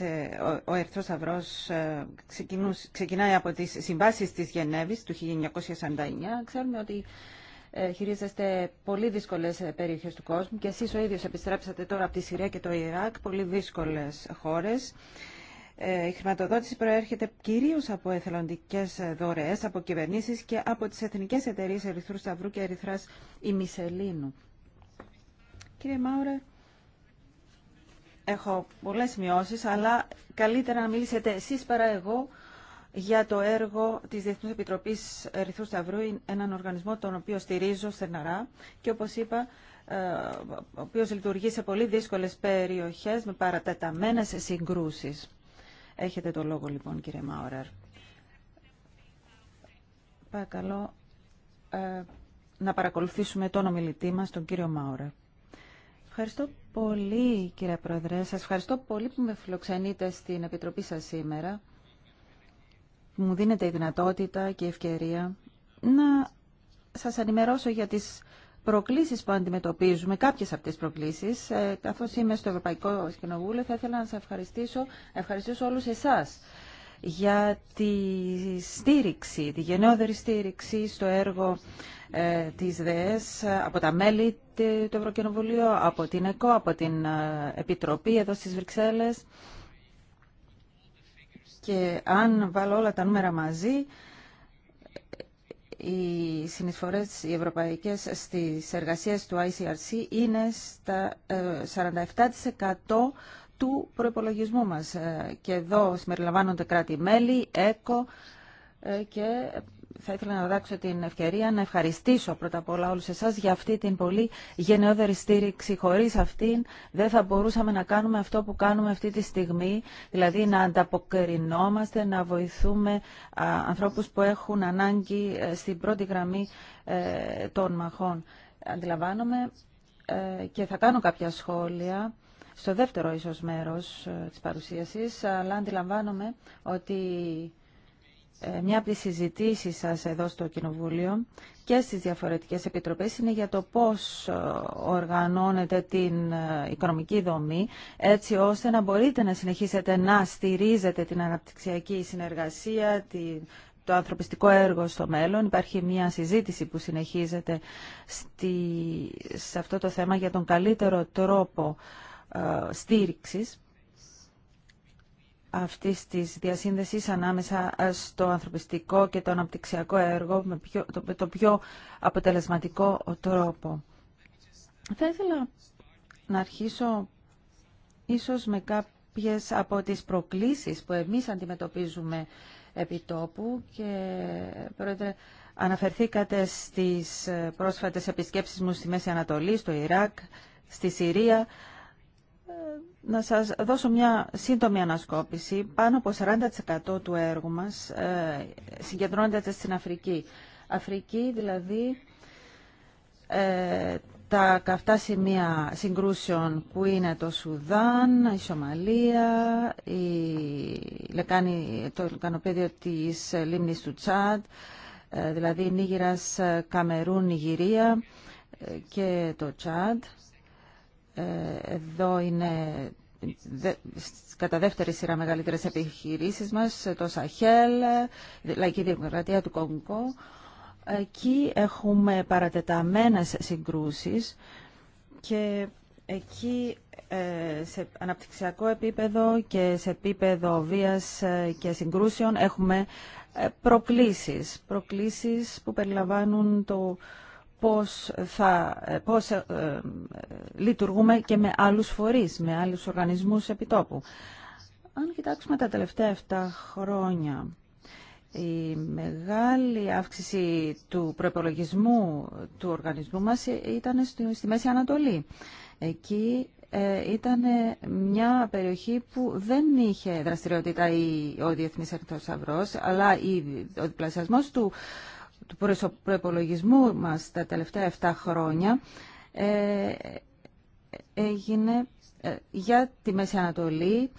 ε, ο Ερθρός Σταυρός ε, ξεκινάει από τις συμβάσεις της Γενέβης του 1949. Ξέρουμε ότι ε, χειρίζεστε πολύ δύσκολες περιοχές του κόσμου και εσείς ο ίδιος επιστρέψατε τώρα από τη Συρία και το Ιράκ, πολύ δύσκολες χώρες. Ε, η χρηματοδότηση προέρχεται κυρίως από εθελοντικές δωρεές, από κυβερνήσεις και από τις εθνικές εταιρείες Ερυθρού Σταυρού και Ερυθράς Ημισελίνου. Κύριε Μάουρε, έχω πολλές σημειώσεις, αλλά καλύτερα να μιλήσετε εσείς παρά εγώ για το έργο της Διεθνούς Επιτροπής Ερυθρού Σταυρού, έναν οργανισμό τον οποίο στηρίζω στεναρά και όπως είπα, ε, ο οποίος λειτουργεί σε πολύ δύσκολες περιοχές με παρατεταμένες συγκρούσεις. Έχετε το λόγο λοιπόν κύριε Μάουραρ. Παρακαλώ ε, να παρακολουθήσουμε τον ομιλητή μας, τον κύριο Μάουραρ. Ευχαριστώ πολύ κύριε Πρόεδρε. Σας ευχαριστώ πολύ που με φιλοξενείτε στην Επιτροπή σας σήμερα. Που μου δίνετε η δυνατότητα και η ευκαιρία να σας ενημερώσω για τις προκλήσεις που αντιμετωπίζουμε, κάποιες από τις προκλήσεις. Ε, καθώς είμαι στο Ευρωπαϊκό Κοινοβούλιο, θα ήθελα να σας ευχαριστήσω, ευχαριστήσω όλους εσάς για τη στήριξη, τη γενναιόδερη στήριξη στο έργο ε, της ΔΕΕΣ από τα μέλη του Ευρωκοινοβουλίου, από την ΕΚΟ, από την ε, Επιτροπή εδώ στις Βρυξέλλες. Και αν βάλω όλα τα νούμερα μαζί, οι συνεισφορές οι ευρωπαϊκές στις εργασίες του ICRC είναι στα 47% ε, του προϋπολογισμού μας. Ε, και εδώ συμπεριλαμβάνονται κράτη-μέλη, ΕΚΟ ε, και θα ήθελα να δάξω την ευκαιρία να ευχαριστήσω πρώτα απ' όλα όλους εσάς για αυτή την πολύ γενναιόδερη στήριξη. Χωρίς αυτήν δεν θα μπορούσαμε να κάνουμε αυτό που κάνουμε αυτή τη στιγμή, δηλαδή να ανταποκρινόμαστε, να βοηθούμε ανθρώπους που έχουν ανάγκη ε, στην πρώτη γραμμή ε, των μαχών. Αντιλαμβάνομαι ε, και θα κάνω κάποια σχόλια στο δεύτερο ίσως μέρος της παρουσίασης, αλλά αντιλαμβάνομαι ότι ε, μια από τις συζητήσεις σας εδώ στο Κοινοβούλιο και στις διαφορετικές επιτροπές είναι για το πώς ε, οργανώνετε την ε, οικονομική δομή έτσι ώστε να μπορείτε να συνεχίσετε να στηρίζετε την αναπτυξιακή συνεργασία, το ανθρωπιστικό έργο στο μέλλον. Υπάρχει μια συζήτηση που συνεχίζεται στη, σε αυτό το θέμα για τον καλύτερο τρόπο στήριξης αυτή τη διασύνδεσης ανάμεσα ε, στο ανθρωπιστικό και το αναπτυξιακό έργο με πιο, το, πιο αποτελεσματικό τρόπο. Θα ήθελα να αρχίσω ίσως με κάποιες από τις προκλήσεις που εμείς αντιμετωπίζουμε επί τόπου και πρόεδρε, αναφερθήκατε στις ε, πρόσφατες επισκέψεις μου στη Μέση Ανατολή, στο Ιράκ, στη Συρία. Ε, να σας δώσω μια σύντομη ανασκόπηση. Πάνω από 40% του έργου μας ε, συγκεντρώνεται στην Αφρική. Αφρική δηλαδή ε, τα καυτά σημεία συγκρούσεων που είναι το Σουδάν, η Σομαλία, η Λεκάνη, το λεκανοπέδιο της λίμνης του Τσάντ, ε, δηλαδή Νίγηρας, Καμερούν, Νιγηρία ε, και το Τσάντ. Εδώ είναι κατά δεύτερη σειρά μεγαλύτερες επιχειρήσεις μας, το Σαχέλ, Λαϊκή Δημοκρατία του Κονγκό. Εκεί έχουμε παρατεταμένες συγκρούσεις και εκεί ε, σε αναπτυξιακό επίπεδο και σε επίπεδο βίας ε, και συγκρούσεων έχουμε ε, προκλήσεις. Προκλήσεις που περιλαμβάνουν το πώς θα ε, πώς, ε, ε, λειτουργούμε και με άλλους φορείς, με άλλους οργανισμούς επιτόπου. Αν κοιτάξουμε τα τελευταία 7 χρόνια, η μεγάλη αύξηση του προπολογισμού του οργανισμού μας ήταν στη Μέση Ανατολή. Εκεί ε, ήταν μια περιοχή που δεν είχε δραστηριότητα ο Διεθνής Ερθρός Σαυρός, αλλά ο διπλασιασμός του του προπολογισμού μας τα τελευταία 7 χρόνια ε, έγινε ε, για τη Μέση Ανατολή.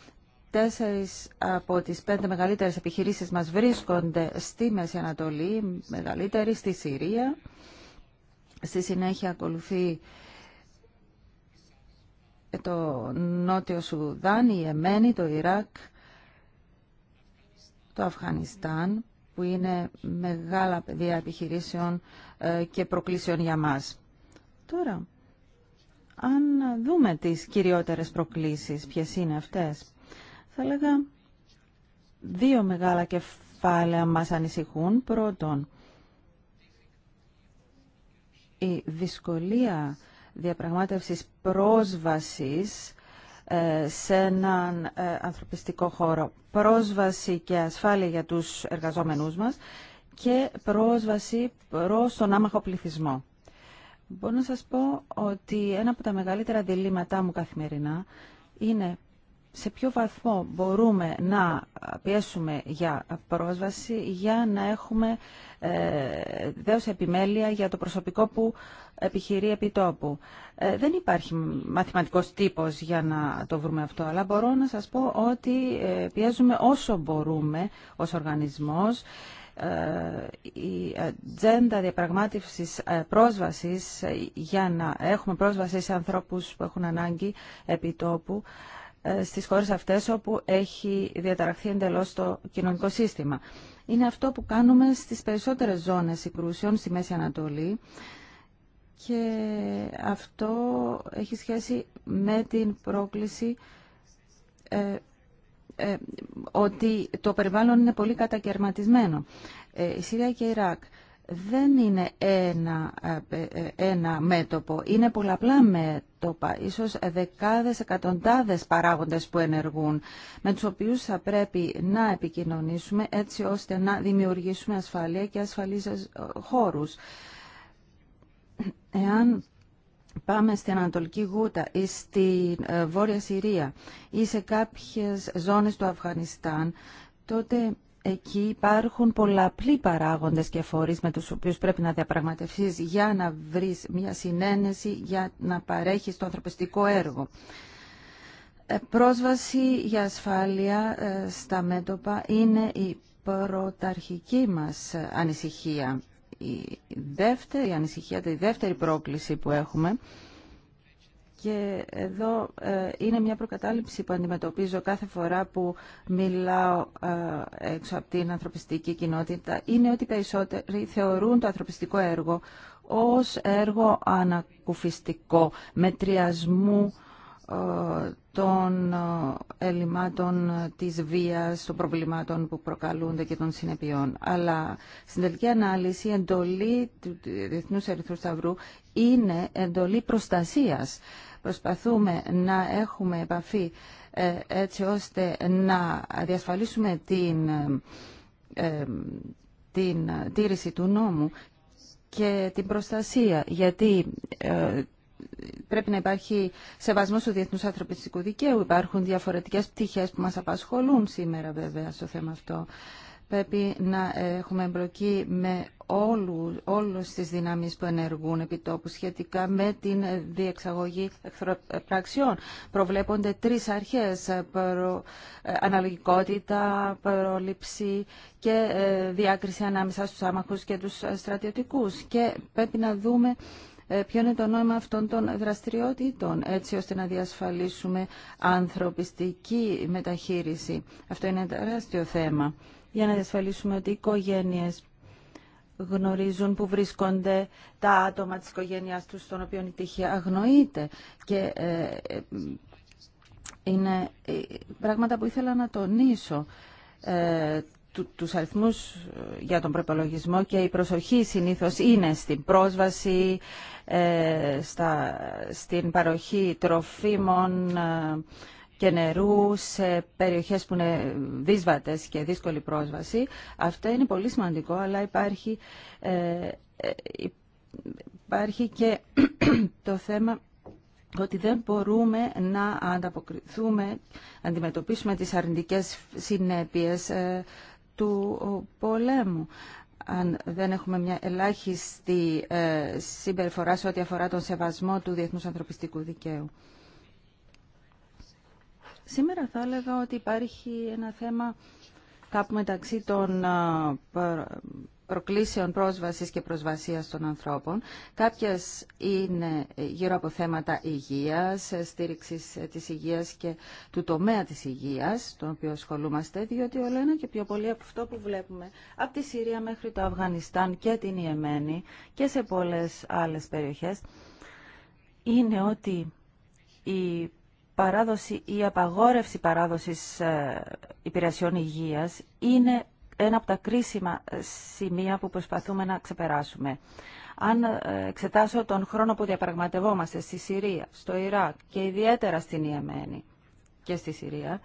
Τέσσερις από τις πέντε μεγαλύτερες επιχειρήσεις μας βρίσκονται στη Μέση Ανατολή, μεγαλύτερη στη Συρία. Στη συνέχεια ακολουθεί ε, το Νότιο Σουδάν, η Εμένη, το Ιράκ, το Αφγανιστάν που είναι μεγάλα πεδία επιχειρήσεων ε, και προκλήσεων για μας. Τώρα, αν δούμε τις κυριότερες προκλήσεις, ποιες είναι αυτές, θα λέγαμε δύο μεγάλα κεφάλαια μας ανησυχούν. Πρώτον, η δυσκολία διαπραγμάτευσης πρόσβασης ε, σε έναν ε, ανθρωπιστικό χώρο. Πρόσβαση και ασφάλεια για τους εργαζόμενούς μας και πρόσβαση προς τον άμαχο πληθυσμό. Μπορώ να σας πω ότι ένα από τα μεγαλύτερα διλήμματά μου καθημερινά είναι σε ποιο βαθμό μπορούμε να πιέσουμε για πρόσβαση για να έχουμε ε, δέως επιμέλεια για το προσωπικό που επιχειρεί επιτόπου. Ε, δεν υπάρχει μαθηματικός τύπος για να το βρούμε αυτό, αλλά μπορώ να σας πω ότι ε, πιέζουμε όσο μπορούμε ως οργανισμός ε, η ατζέντα διαπραγμάτευσης πρόσβασης για να έχουμε πρόσβαση σε ανθρώπους που έχουν ανάγκη επιτόπου στις χώρες αυτές όπου έχει διαταραχθεί εντελώς το κοινωνικό σύστημα. Είναι αυτό που κάνουμε στις περισσότερες ζώνες συγκρούσεων στη Μέση Ανατολή και αυτό έχει σχέση με την πρόκληση ε, ε, ότι το περιβάλλον είναι πολύ κατακαιρματισμένο. Ε, η Συρία και η Ιράκ δεν είναι ένα, ε, ε, ένα μέτωπο, είναι πολλαπλά μέτωπα, ίσως δεκάδες, εκατοντάδες παράγοντες που ενεργούν, με τους οποίους θα πρέπει να επικοινωνήσουμε έτσι ώστε να δημιουργήσουμε ασφάλεια και ασφαλείς χώρους. Εάν πάμε στην Ανατολική Γούτα ή στη ε, Βόρεια Συρία ή σε κάποιες ζώνες του Αφγανιστάν, τότε εκεί υπάρχουν πολλαπλοί παράγοντες και φορείς με τους οποίους πρέπει να διαπραγματευτείς για να βρεις μια συνένεση, για να παρέχεις το ανθρωπιστικό έργο. Ε, πρόσβαση για ασφάλεια ε, στα μέτωπα είναι η πρωταρχική μας ανησυχία. Η δεύτερη ανησυχία, η δεύτερη πρόκληση που έχουμε και εδώ ε, είναι μια προκατάληψη που αντιμετωπίζω κάθε φορά που μιλάω ε, έξω από την ανθρωπιστική κοινότητα. Είναι ότι περισσότεροι θεωρούν το ανθρωπιστικό έργο ως έργο ανακουφιστικό, μετριασμού ε, των ελλημάτων της βίας, των προβλημάτων που προκαλούνται και των συνεπειών. Αλλά στην τελική ανάλυση η εντολή του Διεθνούς Ερυθρού Σταυρού είναι εντολή προστασίας Προσπαθούμε να έχουμε επαφή ε, έτσι ώστε να διασφαλίσουμε την, ε, την τήρηση του νόμου και την προστασία, γιατί ε, πρέπει να υπάρχει σεβασμός του διεθνού ανθρωπιστικού δικαίου. Υπάρχουν διαφορετικές πτυχές που μας απασχολούν σήμερα, βέβαια, στο θέμα αυτό. Πρέπει να έχουμε εμπλοκή με όλου, όλες τις δυνάμεις που ενεργούν επί τόπου σχετικά με την διεξαγωγή εχθροπραξιών. Προβλέπονται τρεις αρχές, προ, ε, αναλογικότητα, πρόληψη και ε, διάκριση ανάμεσα στους άμαχους και τους στρατιωτικούς. Και πρέπει να δούμε ε, ποιο είναι το νόημα αυτών των δραστηριοτήτων, έτσι ώστε να διασφαλίσουμε ανθρωπιστική μεταχείριση. Αυτό είναι ένα τεράστιο θέμα για να διασφαλίσουμε ότι οι οικογένειες γνωρίζουν που βρίσκονται τα άτομα της οικογένειάς τους, των οποίο η τύχη αγνοείται. Και ε, ε, είναι ε, πράγματα που ήθελα να τονίσω. του, τους αριθμούς για τον προπολογισμό και η προσοχή συνήθως είναι στην πρόσβαση, στα, στην παροχή τροφίμων, και νερού σε περιοχές που είναι δύσβατες και δύσκολη πρόσβαση. Αυτό είναι πολύ σημαντικό, αλλά υπάρχει, ε, ε, υπάρχει και το θέμα ότι δεν μπορούμε να ανταποκριθούμε, αντιμετωπίσουμε τις αρνητικές συνέπειες ε, του πολέμου αν δεν έχουμε μια ελάχιστη συμπεριφορά σε ό,τι αφορά τον σεβασμό του διεθνούς ανθρωπιστικού δικαίου. Σήμερα θα έλεγα ότι υπάρχει ένα θέμα κάπου μεταξύ των προκλήσεων πρόσβασης και προσβασίας των ανθρώπων. Κάποιες είναι γύρω από θέματα υγείας, στήριξης ε, της υγείας και του τομέα της υγείας, τον οποίο ασχολούμαστε, διότι όλο ένα και πιο πολύ από αυτό που βλέπουμε από τη Συρία μέχρι το Αφγανιστάν και την Ιεμένη και σε πολλές άλλες περιοχές, είναι ότι η παράδοση ή απαγόρευση παράδοσης ε, υπηρεσιών υγείας είναι ένα από τα κρίσιμα ε, σημεία που προσπαθούμε να ξεπεράσουμε. Αν ε, εξετάσω τον χρόνο που διαπραγματευόμαστε στη Συρία, στο Ιράκ και ιδιαίτερα στην Ιεμένη και στη Συρία,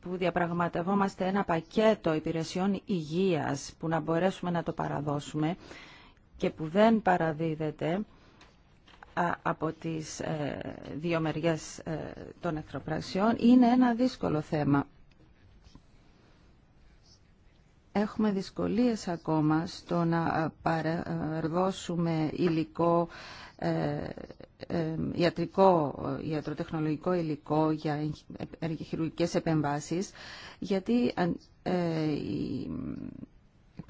που διαπραγματευόμαστε ένα πακέτο υπηρεσιών υγείας που να μπορέσουμε να το παραδώσουμε και που δεν παραδίδεται, από τις ε, δύο μεριές ε, των εχθροπραξιών είναι ένα δύσκολο θέμα. Έχουμε δυσκολίες ακόμα στο να ε, παραδώσουμε υλικό, ιατρικό, ιατροτεχνολογικό υλικό για χειρουργικές επεμβάσεις, γιατί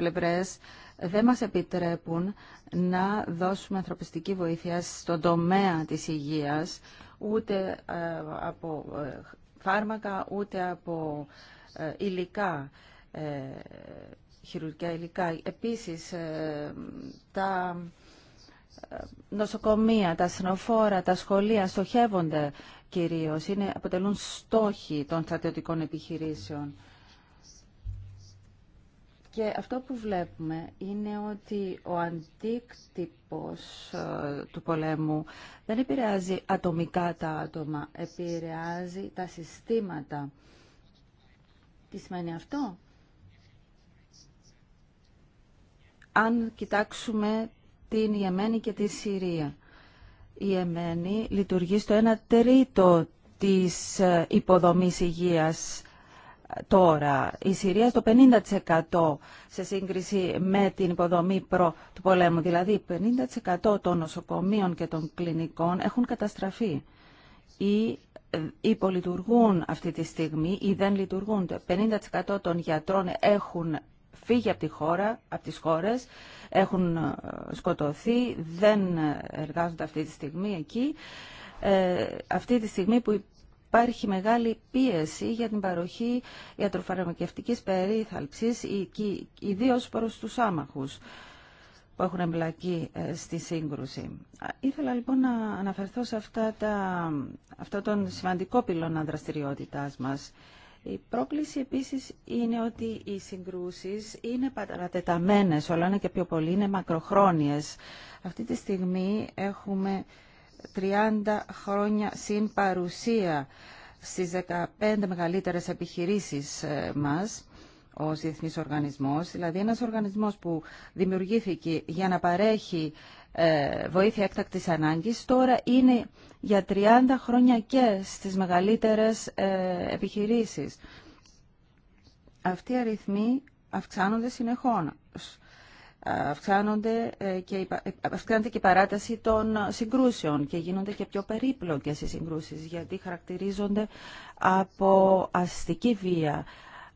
πλευρές δεν μας επιτρέπουν να δώσουμε ανθρωπιστική βοήθεια στον τομέα της υγείας, ούτε ε, από ε, φάρμακα, ούτε από ε, υλικά, χειρουργικά υλικά. Επίσης, τα νοσοκομεία, τα συνοφόρα, τα σχολεία στοχεύονται κυρίως, είναι, αποτελούν στόχοι των στρατιωτικών επιχειρήσεων. Και αυτό που βλέπουμε είναι ότι ο αντίκτυπος ε, του πολέμου δεν επηρεάζει ατομικά τα άτομα, επηρεάζει τα συστήματα. Τι σημαίνει αυτό? Αν κοιτάξουμε την Ιεμένη και τη Συρία. Η Ιεμένη λειτουργεί στο ένα τρίτο της ε, υποδομής υγείας τώρα. Η Συρία στο 50% σε σύγκριση με την υποδομή προ του πολέμου. Δηλαδή 50% των νοσοκομείων και των κλινικών έχουν καταστραφεί ή υπολειτουργούν ε, αυτή τη στιγμή ή δεν λειτουργούν. 50% των γιατρών έχουν φύγει από τη χώρα, από τις χώρες, έχουν ε, σκοτωθεί, δεν ε, εργάζονται αυτή τη στιγμή εκεί. αυτή τη στιγμή που Υπάρχει μεγάλη πίεση για την παροχή ιατροφαρμακευτικής περίθαλψης, ιδίως προς τους άμαχους που έχουν εμπλακεί ε, στη σύγκρουση. Ήθελα λοιπόν να αναφερθώ σε αυτά τα, αυτό τον σημαντικό πυλώνα δραστηριότητάς μας. Η πρόκληση επίσης είναι ότι οι συγκρούσεις είναι παρατεταμένες, όλα είναι και πιο πολύ, είναι μακροχρόνιες. Αυτή τη στιγμή έχουμε 30 χρόνια συν παρουσία στις 15 μεγαλύτερες επιχειρήσεις ε, μας ως διεθνής οργανισμός, δηλαδή ένας οργανισμός που δημιουργήθηκε για να παρέχει ε, βοήθεια έκτακτης ανάγκης, τώρα είναι για 30 χρόνια και στις μεγαλύτερες ε, επιχειρήσεις. Αυτοί οι αριθμοί αυξάνονται συνεχώς αυξάνονται ε, και, ε, αυξάνεται και η παράταση των συγκρούσεων και γίνονται και πιο περίπλοκες οι συγκρούσεις γιατί χαρακτηρίζονται από αστική βία,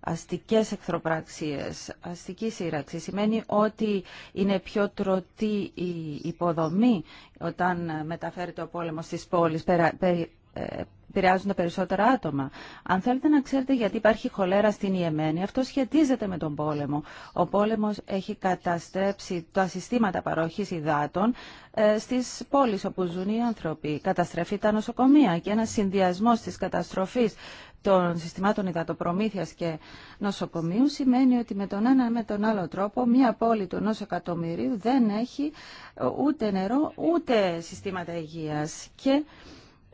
αστικές εχθροπραξίες, αστική σύραξη. Σημαίνει ότι είναι πιο τρωτή η υποδομή όταν μεταφέρεται ο πόλεμο στις πόλεις, ε, επηρεάζουν τα περισσότερα άτομα. Αν θέλετε να ξέρετε γιατί υπάρχει χολέρα στην Ιεμένη, αυτό σχετίζεται με τον πόλεμο. Ο πόλεμο έχει καταστρέψει τα συστήματα παροχή υδάτων ε, στι πόλει όπου ζουν οι άνθρωποι. Καταστρέφει τα νοσοκομεία και ένα συνδυασμό τη καταστροφή των συστημάτων υδατοπρομήθειας και νοσοκομείου σημαίνει ότι με τον ένα με τον άλλο τρόπο μία πόλη του ενός εκατομμυρίου δεν έχει ε, ούτε νερό ούτε συστήματα υγείας. Και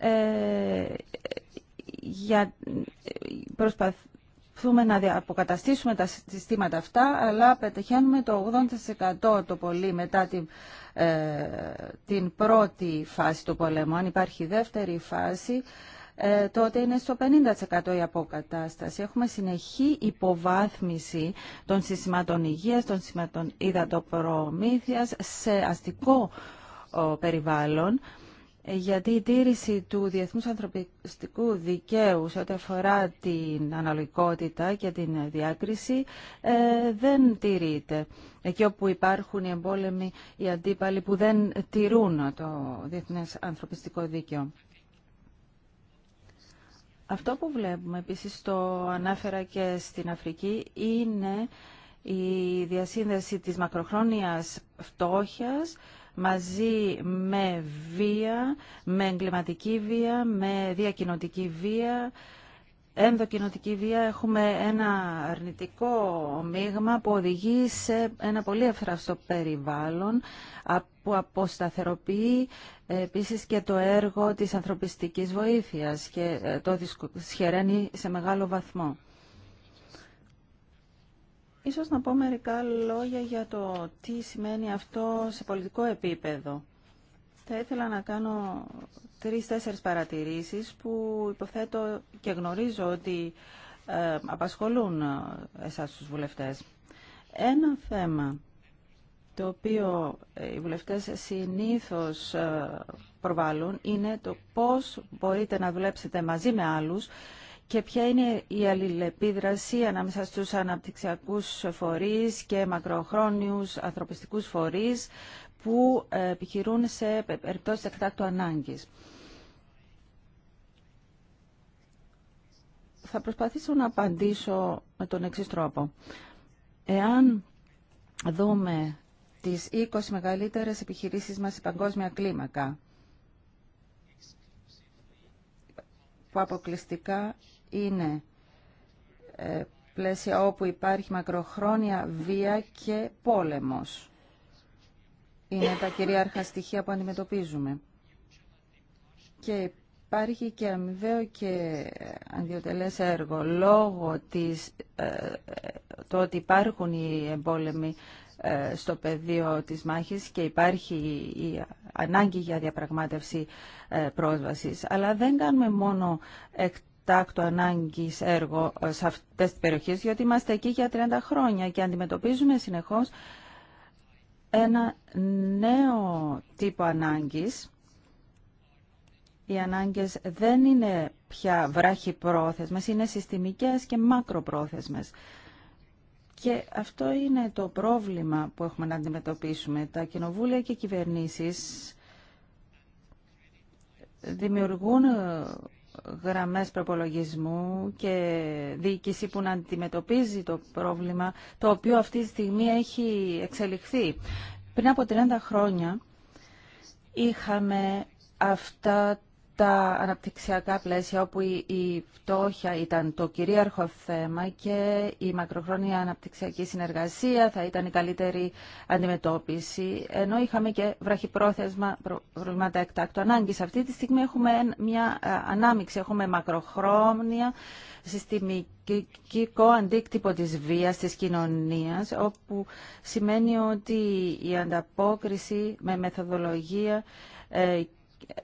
ε, για, προσπαθούμε να αποκαταστήσουμε τα συστήματα αυτά, αλλά πετυχαίνουμε το 80% το πολύ μετά την, ε, την πρώτη φάση του πολέμου. Αν υπάρχει δεύτερη φάση, ε, τότε είναι στο 50% η αποκατάσταση. Έχουμε συνεχή υποβάθμιση των συστημάτων υγείας, των συστημάτων υδατοπρομήθειας σε αστικό περιβάλλον γιατί η τήρηση του διεθνούς ανθρωπιστικού δικαίου σε ό,τι αφορά την αναλογικότητα και την διάκριση ε, δεν τηρείται. Εκεί όπου υπάρχουν οι εμπόλεμοι, οι αντίπαλοι που δεν τηρούν το διεθνές ανθρωπιστικό δίκαιο. Αυτό που βλέπουμε, επίσης το ανάφερα και στην Αφρική, είναι η διασύνδεση της μακροχρόνιας φτώχειας μαζί με βία, με εγκληματική βία, με διακοινωτική βία, ενδοκοινωτική βία. Έχουμε ένα αρνητικό μείγμα που οδηγεί σε ένα πολύ ευθραυστό περιβάλλον που αποσταθεροποιεί ε, επίσης και το έργο της ανθρωπιστικής βοήθειας και ε, το σχεραίνει σε μεγάλο βαθμό. Ίσως να πω μερικά λόγια για το τι σημαίνει αυτό σε πολιτικό επίπεδο. Θα ήθελα να κάνω τρεις-τέσσερις παρατηρήσεις που υποθέτω και γνωρίζω ότι ε, απασχολούν ε, εσάς τους βουλευτές. Ένα θέμα το οποίο ε, οι βουλευτές συνήθως προβάλλουν είναι το πώς μπορείτε να δουλέψετε μαζί με άλλους και ποια είναι η αλληλεπίδραση ανάμεσα στους αναπτυξιακούς φορείς και μακροχρόνιους ανθρωπιστικούς φορείς που ε, επιχειρούν σε περιπτώσεις εκτάκτου ανάγκης. Θα προσπαθήσω να απαντήσω με τον εξής τρόπο. Εάν δούμε τις 20 μεγαλύτερες επιχειρήσεις μας σε παγκόσμια κλίμακα, που αποκλειστικά είναι ε, πλαίσια όπου υπάρχει μακροχρόνια βία και πόλεμος. Είναι τα κυρίαρχα στοιχεία που αντιμετωπίζουμε. Και υπάρχει και αμοιβαίο και αντιοτελές έργο λόγω της, ε, ότι υπάρχουν οι εμπόλεμοι ε, στο πεδίο της μάχης και υπάρχει η ανάγκη για διαπραγμάτευση ε, πρόσβασης. Αλλά δεν κάνουμε μόνο εκ τάκτο ανάγκη έργο ε, σε αυτές τις περιοχές, διότι είμαστε εκεί για 30 χρόνια και αντιμετωπίζουμε συνεχώ ένα νέο τύπο ανάγκης. Οι ανάγκες δεν είναι πια βράχυπρόθεσμες, είναι συστημικές και μακροπρόθεσμες. Και αυτό είναι το πρόβλημα που έχουμε να αντιμετωπίσουμε. Τα κοινοβούλια και οι κυβερνήσεις δημιουργούν γραμμές προπολογισμού και διοίκηση που να αντιμετωπίζει το πρόβλημα, το οποίο αυτή τη στιγμή έχει εξελιχθεί. Πριν από 30 χρόνια είχαμε αυτά τα αναπτυξιακά πλαίσια όπου η φτώχεια ήταν το κυρίαρχο θέμα και η μακροχρόνια αναπτυξιακή συνεργασία θα ήταν η καλύτερη αντιμετώπιση, ενώ είχαμε και βραχυπρόθεσμα προβλήματα εκτάκτου ανάγκης. Αυτή τη στιγμή έχουμε μια ε, ανάμειξη, έχουμε μακροχρόνια συστημικό αντίκτυπο της βίας της κοινωνίας, όπου σημαίνει ότι η ανταπόκριση με μεθοδολογία ε,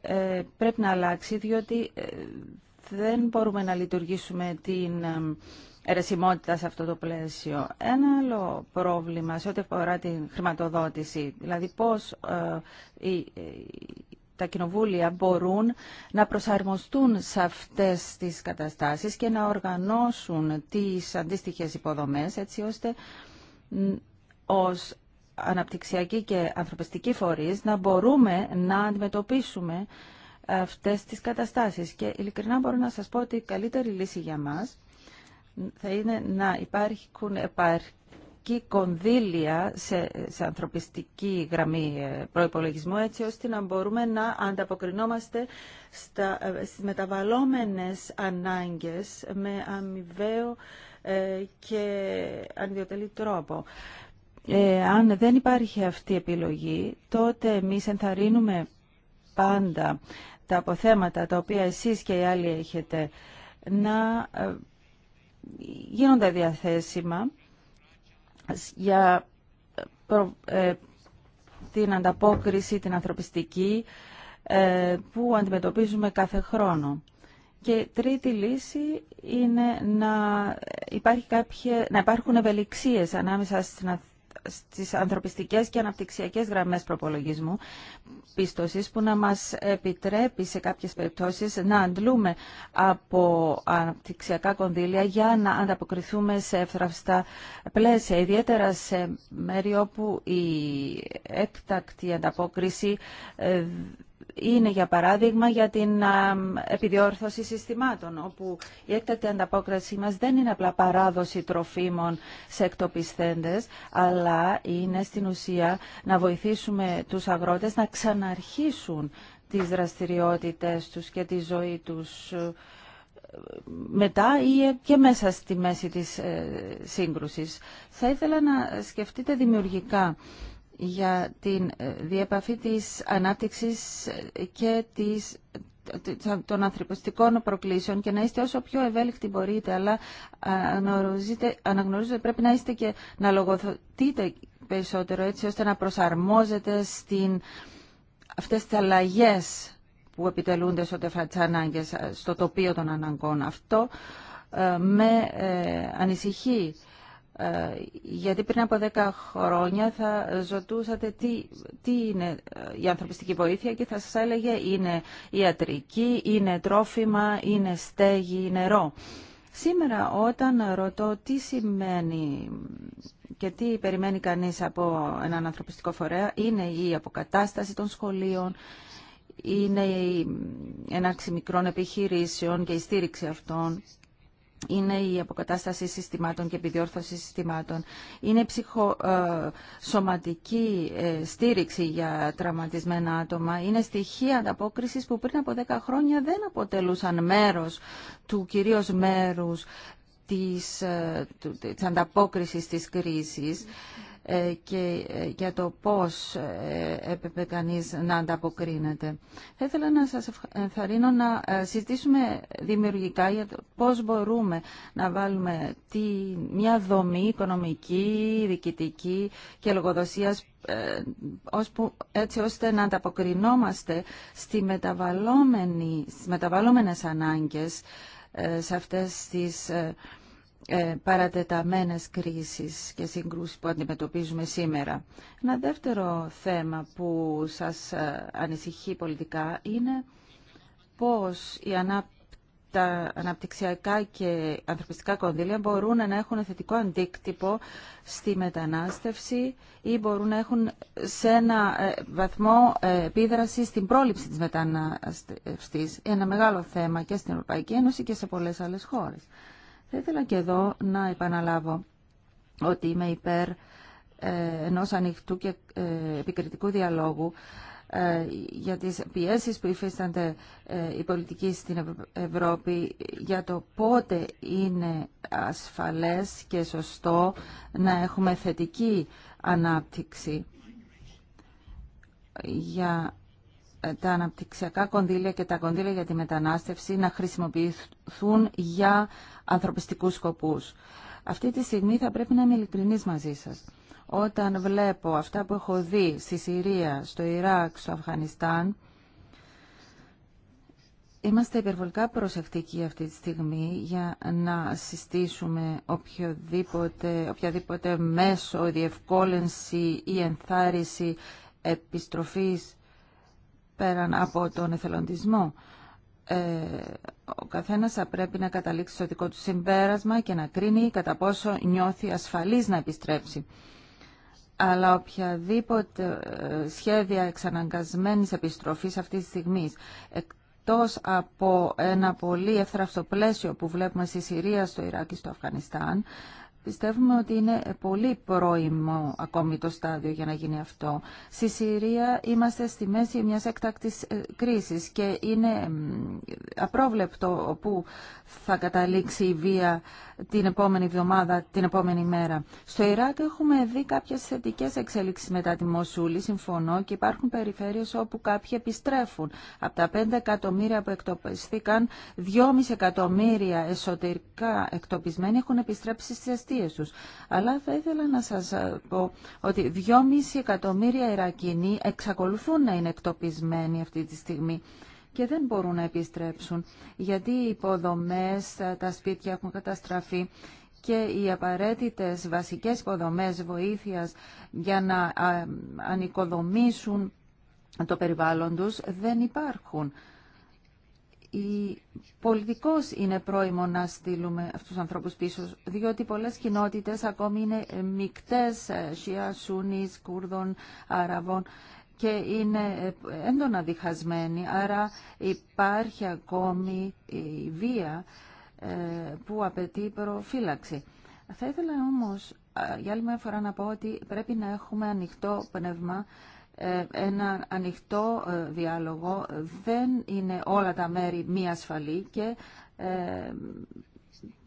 ε, πρέπει να αλλάξει, διότι ε, δεν μπορούμε να λειτουργήσουμε την ερεσιμότητα σε αυτό το πλαίσιο. Ένα άλλο πρόβλημα σε ό,τι αφορά την χρηματοδότηση, δηλαδή πώς ε, τα κοινοβούλια μπορούν να προσαρμοστούν σε αυτές τις καταστάσεις και να οργανώσουν τις αντίστοιχες υποδομές έτσι ώστε ως αναπτυξιακοί και ανθρωπιστικοί φορείς να μπορούμε να αντιμετωπίσουμε αυτές τις καταστάσεις. Και ειλικρινά μπορώ να σας πω ότι η καλύτερη λύση για μας θα είναι να υπάρχουν επαρκή κονδύλια σε, ανθρωπιστική γραμμή ε, προϋπολογισμού έτσι ώστε να μπορούμε να ανταποκρινόμαστε στα, ε, στις μεταβαλλόμενες ανάγκες με αμοιβαίο ε, και ανιδιοτελή τρόπο. Ε, αν δεν υπάρχει αυτή η επιλογή, τότε εμείς ενθαρρύνουμε πάντα τα αποθέματα τα οποία εσείς και οι άλλοι έχετε να ε, γίνονται διαθέσιμα για ε, την ανταπόκριση, την ανθρωπιστική που αντιμετωπίζουμε κάθε χρόνο. Και τρίτη λύση είναι να, υπάρχει να υπάρχουν ευελιξίες ανάμεσα στην στις ανθρωπιστικές και αναπτυξιακές γραμμές προπολογισμού πίστοσης που να μας επιτρέπει σε κάποιες περιπτώσεις να αντλούμε από αναπτυξιακά κονδύλια για να ανταποκριθούμε σε εύθραυστα πλαίσια, ιδιαίτερα σε μέρη όπου η έκτακτη ανταπόκριση ε, είναι για παράδειγμα για την επιδιόρθωση συστημάτων, όπου η έκτακτη ανταπόκριση μας δεν είναι απλά παράδοση τροφίμων σε εκτοπισθέντες, αλλά είναι στην ουσία να βοηθήσουμε τους αγρότες να ξαναρχίσουν τις δραστηριότητες τους και τη ζωή τους ε, μετά ή ε, και μέσα στη μέση της ε, σύγκρουσης. Θα ήθελα να σκεφτείτε δημιουργικά για την ε, διεπαφή της ανάπτυξης ε, και της, των ανθρωπιστικών προκλήσεων και να είστε όσο πιο ευέλικτοι μπορείτε, αλλά αναγνωρίζετε, αναγνωρίζετε πρέπει να είστε και να λογοθετείτε περισσότερο έτσι ώστε να προσαρμόζετε στην, αυτές τις αλλαγές που επιτελούνται σε ό,τι ε, στο τοπίο των αναγκών. Αυτό με ανησυχεί. Ε, γιατί πριν από 10 χρόνια θα ζωτούσατε τι, είναι ε, η ανθρωπιστική βοήθεια και θα σας έλεγε είναι ιατρική, είναι τρόφιμα, είναι στέγη, νερό. Σήμερα όταν ρωτώ τι σημαίνει και τι περιμένει κανείς από έναν ανθρωπιστικό φορέα, είναι η αποκατάσταση των σχολείων, είναι η έναρξη μικρών επιχειρήσεων και η στήριξη αυτών είναι η αποκατάσταση συστημάτων και επιδιόρθωση συστημάτων. Είναι ψυχοσωματική ε, ε, στήριξη για τραυματισμένα άτομα. Είναι στοιχεία ανταπόκρισης που πριν από 10 χρόνια δεν αποτελούσαν μέρος του κυρίως μέρους τη ε, της ανταπόκρισης της κρίσης. Ε, και ε, για το πώς ε, έπρεπε κανείς να ανταποκρίνεται. Θα ήθελα να σας ενθαρρύνω να συζητήσουμε δημιουργικά για το πώς μπορούμε να βάλουμε τη, μια δομή οικονομική, διοικητική και λογοδοσίας έτσι ώστε να ανταποκρινόμαστε στις μεταβαλλόμενες ανάγκες σε αυτές τις ε, παρατεταμένες κρίσεις και συγκρούσεις που αντιμετωπίζουμε σήμερα. Ένα δεύτερο θέμα που σας ε, ανησυχεί πολιτικά είναι πώς η τα αναπτυξιακά και ανθρωπιστικά κονδύλια μπορούν να έχουν θετικό αντίκτυπο στη μετανάστευση ή μπορούν να έχουν σε ένα ε, βαθμό επίδραση στην πρόληψη της μετανάστευσης. Ένα μεγάλο θέμα και στην Ευρωπαϊκή Ένωση και σε πολλές άλλες χώρες. Θα ήθελα και εδώ να επαναλάβω ότι είμαι υπέρ ε, ενός ανοιχτού και ε, επικριτικού διαλόγου ε, για τις πιέσεις που υφίστανται οι πολιτικοί στην Ευρώπη για το πότε είναι ασφαλές και σωστό να έχουμε θετική ανάπτυξη τα αναπτυξιακά κονδύλια και τα κονδύλια για τη μετανάστευση να χρησιμοποιηθούν για ανθρωπιστικούς σκοπούς. Αυτή τη στιγμή θα πρέπει να είμαι ειλικρινής μαζί σας. Όταν βλέπω αυτά που έχω δει στη Συρία, στο Ιράκ, στο Αφγανιστάν, Είμαστε υπερβολικά προσεκτικοί αυτή τη στιγμή για να συστήσουμε οποιοδήποτε, οποιαδήποτε μέσο, διευκόλυνση ή ενθάρρυνση επιστροφής πέραν από τον εθελοντισμό. Ε, ο καθένας θα πρέπει να καταλήξει στο δικό του συμπέρασμα και να κρίνει κατά πόσο νιώθει ασφαλής να επιστρέψει. Αλλά οποιαδήποτε ε, σχέδια εξαναγκασμένης επιστροφής αυτής της στιγμής, εκτός από ένα πολύ εύθραυστο πλαίσιο που βλέπουμε στη Συρία, στο Ιράκ και στο Αφγανιστάν, Πιστεύουμε ότι είναι πολύ πρόημο ακόμη το στάδιο για να γίνει αυτό. Στη Συρία είμαστε στη μέση μιας εκτάκτης ε, κρίσης και είναι απρόβλεπτο που θα καταλήξει η βία την επόμενη εβδομάδα, την επόμενη μέρα. Στο Ιράκ έχουμε δει κάποιες θετικές εξέλιξεις μετά τη Μοσούλη, συμφωνώ, και υπάρχουν περιφέρειες όπου κάποιοι επιστρέφουν. Από τα 5 εκατομμύρια που εκτοπιστήκαν, 2,5 εκατομμύρια εσωτερικά εκτοπισμένοι έχουν επιστρέψει στις αιστείες τους. Αλλά θα ήθελα να σας πω ότι 2,5 εκατομμύρια Ιρακινοί εξακολουθούν να είναι εκτοπισμένοι αυτή τη στιγμή και δεν μπορούν να επιστρέψουν γιατί οι υποδομές, ε, τα σπίτια έχουν καταστραφεί και οι απαραίτητες βασικές υποδομές βοήθειας για να ανοικοδομήσουν το περιβάλλον τους δεν υπάρχουν. Η πολιτικός είναι πρόημο να στείλουμε αυτούς τους ανθρώπους πίσω, διότι πολλές κοινότητες ακόμη είναι μικτές, ε, Σιά, Σούνις, Κούρδων, Αραβών και είναι ε, έντονα διχασμένοι, άρα υπάρχει ακόμη η βία ε, που απαιτεί προφύλαξη. Θα ήθελα όμως για άλλη μια φορά να πω ότι πρέπει να έχουμε ανοιχτό πνεύμα, ε, ένα ανοιχτό διάλογο. Δεν είναι όλα τα μέρη μη ασφαλή και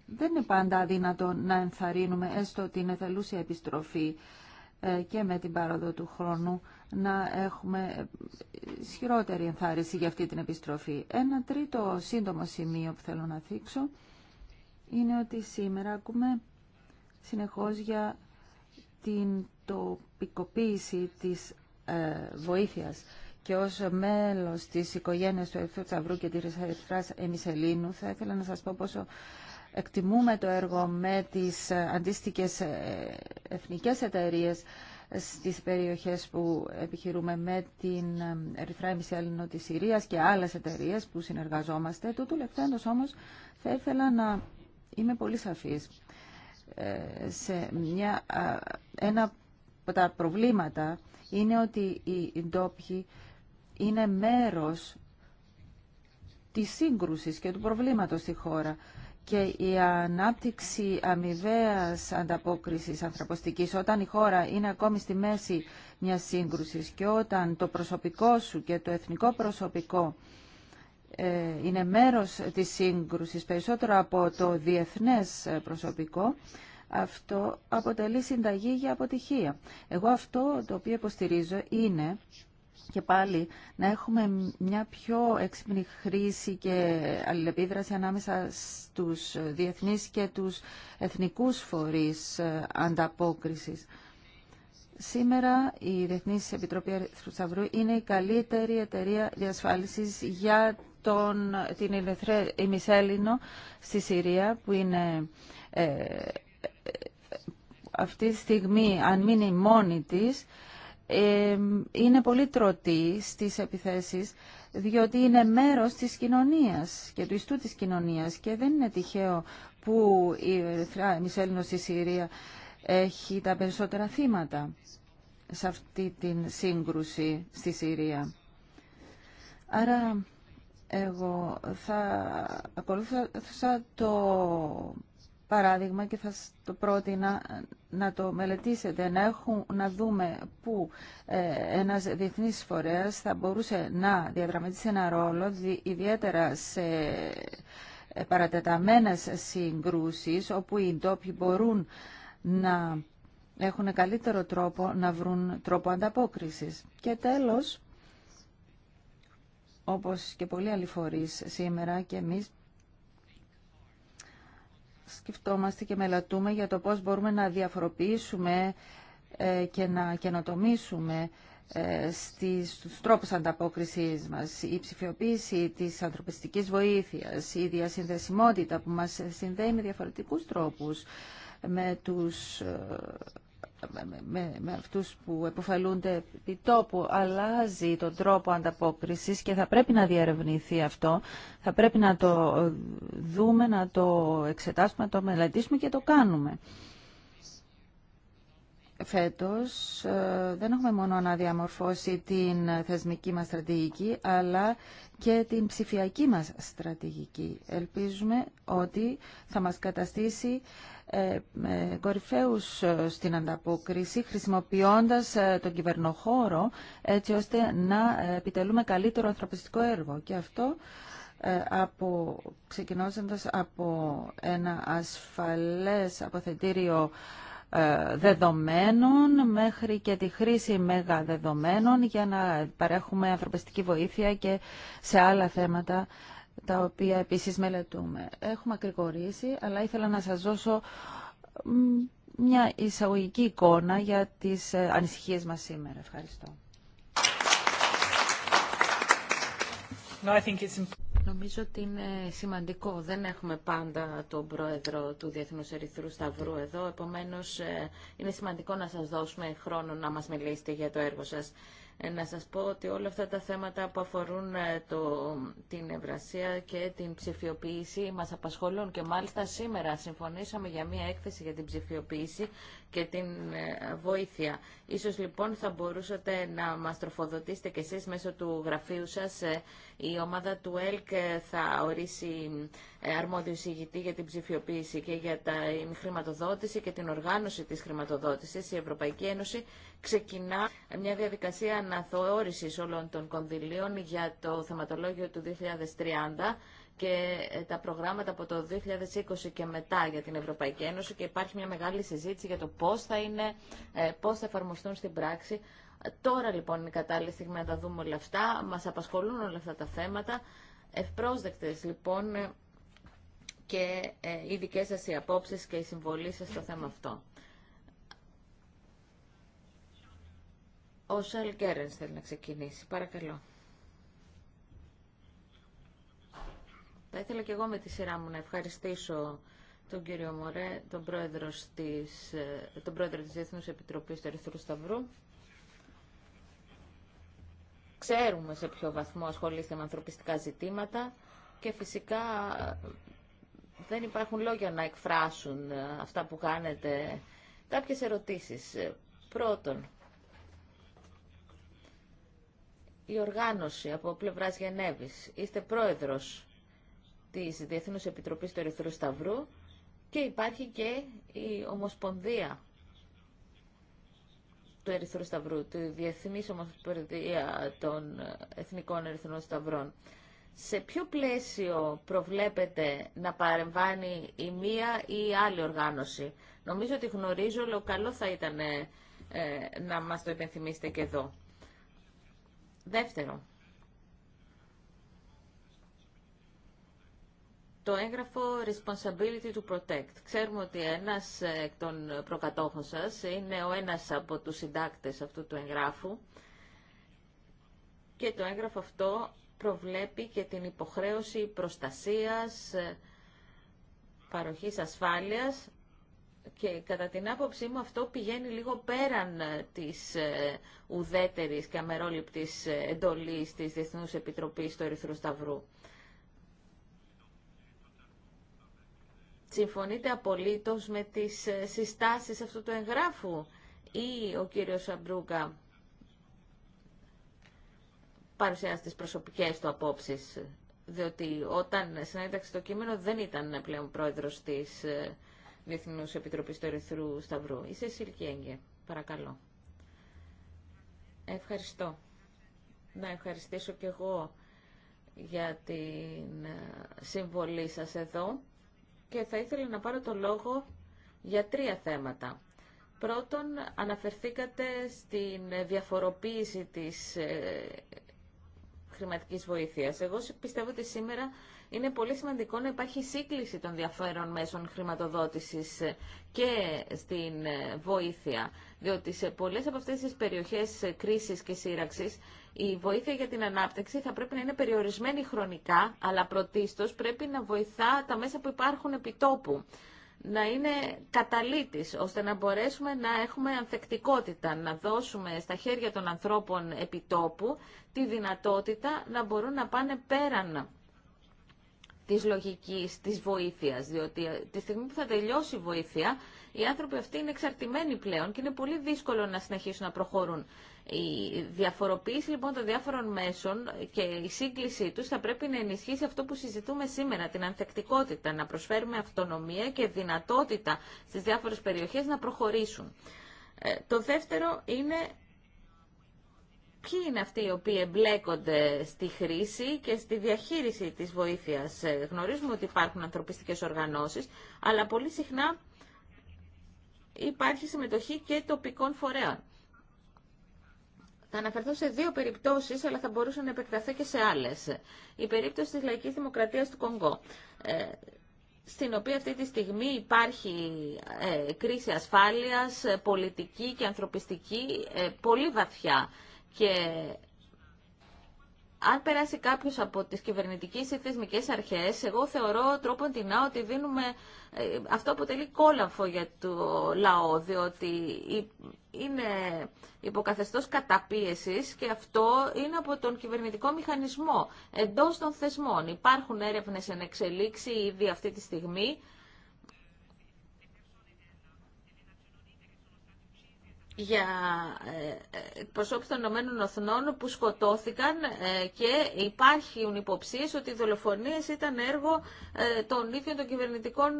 δεν είναι πάντα αδύνατο να ενθαρρύνουμε έστω την εθελούσια επιστροφή και με την πάροδο του χρόνου να έχουμε ισχυρότερη ενθάρρυνση για αυτή την επιστροφή. Ένα τρίτο σύντομο σημείο που θέλω να θίξω είναι ότι σήμερα ακούμε συνεχώς για την τοπικοποίηση της ε, βοήθειας και ως μέλος της οικογένειας του Ερυθρού Τσαυρού και της Ερυθράς Εμισελίνου θα ήθελα να σας πω πόσο εκτιμούμε το έργο με τις ε, αντίστοιχες ε, εθνικές εταιρείες στις περιοχές που επιχειρούμε με την Ερυθρά Εμισιαλίνο της Συρίας και άλλες εταιρείες που συνεργαζόμαστε. Τούτου λεπτέντος όμως θα ήθελα να είμαι πολύ σαφής. Ε, σε μια, ένα από τα προβλήματα είναι ότι οι ντόπιοι είναι μέρος της σύγκρουσης και του προβλήματος στη χώρα και η ανάπτυξη αμοιβαία ανταπόκρισης ανθρωποστικής όταν η χώρα είναι ακόμη στη μέση μιας σύγκρουσης και όταν το προσωπικό σου και το εθνικό προσωπικό ε, είναι μέρος της σύγκρουσης περισσότερο από το διεθνές προσωπικό, αυτό αποτελεί συνταγή για αποτυχία. Εγώ αυτό το οποίο υποστηρίζω είναι και πάλι να έχουμε μια πιο έξυπνη χρήση και αλληλεπίδραση ανάμεσα στους διεθνείς και τους εθνικούς φορείς ε, ανταπόκρισης. Σήμερα η Διεθνής Επιτροπή Ερυθρού είναι η καλύτερη εταιρεία διασφάλισης για τον, την ημισέλινο στη Συρία που είναι ε, ε, αυτή τη στιγμή αν μείνει μόνη της είναι πολύ τρωτή στις επιθέσεις διότι είναι μέρος της κοινωνίας και του ιστού της κοινωνίας και δεν είναι τυχαίο που η Μισέλινος στη Συρία έχει τα περισσότερα θύματα σε αυτή την σύγκρουση στη Συρία. Άρα εγώ θα ακολούθησα το παράδειγμα και θα το πρότεινα να το μελετήσετε, να, έχουν, να δούμε πού ε, ένας διεθνής φορέας θα μπορούσε να διαδραματίσει ένα ρόλο, ιδιαίτερα σε ε, παρατεταμένες συγκρούσεις, όπου οι ντόπιοι μπορούν να έχουν καλύτερο τρόπο να βρουν τρόπο ανταπόκρισης. Και τέλος, όπως και πολλοί άλλοι φορείς σήμερα και εμείς, σκεφτόμαστε και μελατούμε για το πώς μπορούμε να διαφοροποιήσουμε ε, και να καινοτομήσουμε ε, στους τρόπους ανταπόκρισης μας, η ψηφιοποίηση της ανθρωπιστικής βοήθειας, η διασυνδεσιμότητα που μας συνδέει με διαφορετικούς τρόπους με τους ε, με, με αυτούς που επωφελούνται επί τόπου αλλάζει τον τρόπο ανταπόκρισης και θα πρέπει να διαρευνηθεί αυτό. Θα πρέπει να το δούμε, να το εξετάσουμε, να το μελετήσουμε και το κάνουμε. Φέτος ε, δεν έχουμε μόνο να διαμορφώσει την θεσμική μας στρατηγική, αλλά και την ψηφιακή μας στρατηγική. Ελπίζουμε ότι θα μας καταστήσει ε, κορυφαίους ε, στην ανταπόκριση, χρησιμοποιώντας τον κυβερνοχώρο, έτσι ώστε να επιτελούμε καλύτερο ανθρωπιστικό έργο. Και αυτό από, ξεκινώντας από ένα ασφαλές αποθετήριο ε, δεδομένων μέχρι και τη χρήση δεδομένων για να παρέχουμε ανθρωπιστική βοήθεια και σε άλλα θέματα τα οποία επίσης μελετούμε. Έχουμε ακρηγορήσει, αλλά ήθελα να σας δώσω μια εισαγωγική εικόνα για τις ε, ανησυχίες μας σήμερα. Ευχαριστώ. No, I think it's Νομίζω ότι είναι σημαντικό. Δεν έχουμε πάντα τον πρόεδρο του Διεθνούς Ερυθρού Σταυρού εδώ, επομένως ε, είναι σημαντικό να σας δώσουμε χρόνο να μας μιλήσετε για το έργο σας. Ε, να σας πω ότι όλα αυτά τα θέματα που αφορούν ε, το, την ευρασία και την ψηφιοποίηση μας απασχολούν και μάλιστα σήμερα συμφωνήσαμε για μια έκθεση για την ψηφιοποίηση και την βοήθεια. Ίσως λοιπόν θα μπορούσατε να μας τροφοδοτήσετε κι εσείς μέσω του γραφείου σας η ομάδα του ΕΛΚ θα ορίσει ε, αρμόδιο εισηγητή για την ψηφιοποίηση και για την χρηματοδότηση και την οργάνωση της χρηματοδότησης. Η Ευρωπαϊκή Ένωση ξεκινά μια διαδικασία αναθεώρησης όλων των κονδυλίων για το θεματολόγιο του 2030 και ε, τα προγράμματα από το 2020 και μετά για την Ευρωπαϊκή Ένωση και υπάρχει μια μεγάλη συζήτηση για το πώς θα, είναι, ε, πώς θα εφαρμοστούν στην πράξη Τώρα λοιπόν είναι η κατάλληλη στιγμή να τα δούμε όλα αυτά. Μας απασχολούν όλα αυτά τα θέματα. Ευπρόσδεκτες λοιπόν και ε, οι δικέ σα οι απόψει και η συμβολή σα στο θέμα αυτό. Ο Σαλ Κέρενς θέλει να ξεκινήσει. Παρακαλώ. Θα ήθελα και εγώ με τη σειρά μου να ευχαριστήσω τον κύριο Μωρέ, τον πρόεδρο της, ε, τον πρόεδρο της Διεθνούς Επιτροπής του Ερυθρού Σταυρού. Ξέρουμε σε ποιο βαθμό ασχολείστε με ανθρωπιστικά ζητήματα και φυσικά δεν υπάρχουν λόγια να εκφράσουν αυτά που κάνετε. Κάποιες ερωτήσεις. Πρώτον, η οργάνωση από πλευράς Γενέβης. Είστε πρόεδρος της Διεθνούς Επιτροπής του Ερυθρού Σταυρού και υπάρχει και η Ομοσπονδία του Ερυθρού Σταυρού, τη διεθνή Ομοσπονδία των Εθνικών Ερυθρών Σταυρών. Σε ποιο πλαίσιο προβλέπετε να παρεμβάνει η μία ή η άλλη οργάνωση. Νομίζω ότι γνωρίζω, αλλά καλό θα ήταν ε, να μας το υπενθυμίσετε και εδώ. Δεύτερο, το έγγραφο Responsibility to Protect. Ξέρουμε ότι ένας ε, εκ των προκατόχων σας είναι ο ένας από τους συντάκτες αυτού του εγγράφου και το έγγραφο αυτό προβλέπει και την υποχρέωση προστασίας, ε, παροχής ασφάλειας και κατά την άποψή μου αυτό πηγαίνει λίγο πέραν ε, της ουδέτερης και αμερόληπτης εντολής της Διεθνούς Επιτροπής του Ερυθρού Σταυρού. συμφωνείτε απολύτως με τις ε, συστάσεις αυτού του εγγράφου ή ο κύριος Αμπρούγκα παρουσιάζει τις προσωπικές του απόψεις, διότι όταν συνέταξε το κείμενο δεν ήταν πλέον πρόεδρος της ε, Διεθνούς Επιτροπής του Ερυθρού Σταυρού. Είσαι Σιλκιέγγε, παρακαλώ. Ευχαριστώ. Να ευχαριστήσω και εγώ για την ε, συμβολή σας εδώ και θα ήθελα να πάρω το λόγο για τρία θέματα. Πρώτον, αναφερθήκατε στην διαφοροποίηση της ε, χρηματικής βοήθειας. Εγώ πιστεύω ότι σήμερα είναι πολύ σημαντικό να υπάρχει σύγκληση των διαφέρων μέσων χρηματοδότησης ε, και στην ε, βοήθεια, διότι σε πολλές από αυτές τις περιοχές κρίσης και σύραξης η βοήθεια για την ανάπτυξη θα πρέπει να είναι περιορισμένη χρονικά, αλλά πρωτίστως πρέπει να βοηθά τα μέσα που υπάρχουν επιτόπου να είναι καταλήτης, ώστε να μπορέσουμε να έχουμε ανθεκτικότητα, να δώσουμε στα χέρια των ανθρώπων επιτόπου τη δυνατότητα να μπορούν να πάνε πέραν της λογικής, της βοήθειας, διότι τη στιγμή που θα τελειώσει η βοήθεια, οι άνθρωποι αυτοί είναι εξαρτημένοι πλέον και είναι πολύ δύσκολο να συνεχίσουν να προχωρούν. Η διαφοροποίηση λοιπόν των διάφορων μέσων και η σύγκλησή τους θα πρέπει να ενισχύσει αυτό που συζητούμε σήμερα, την ανθεκτικότητα, να προσφέρουμε αυτονομία και δυνατότητα στις διάφορες περιοχές να προχωρήσουν. Ε, το δεύτερο είναι ποιοι είναι αυτοί οι οποίοι εμπλέκονται στη χρήση και στη διαχείριση της βοήθειας. Ε, γνωρίζουμε ότι υπάρχουν ανθρωπιστικές οργανώσεις, αλλά πολύ συχνά υπάρχει συμμετοχή και τοπικών φορέων. Θα αναφερθώ σε δύο περιπτώσεις, αλλά θα μπορούσα να επεκταθώ και σε άλλες. Η περίπτωση της λαϊκής δημοκρατίας του Κονγκό, ε, στην οποία αυτή τη στιγμή υπάρχει ε, κρίση ασφάλειας, ε, πολιτική και ανθρωπιστική, πολύ βαθιά. Και αν περάσει κάποιος από τις κυβερνητικές ή θεσμικές αρχές, εγώ θεωρώ τρόπον την ότι δίνουμε, ε, αυτό αποτελεί κόλαφο για το λαό, διότι είναι υποκαθεστώς καταπίεσης και αυτό είναι από τον κυβερνητικό μηχανισμό εντός των θεσμών. Υπάρχουν έρευνες εν εξελίξη ήδη αυτή τη στιγμή για ε, ε, προσώπους των Ηνωμένων Οθνών που σκοτώθηκαν ε, και υπάρχουν υποψίες ότι οι δολοφονίες ήταν έργο των ίδιων των κυβερνητικών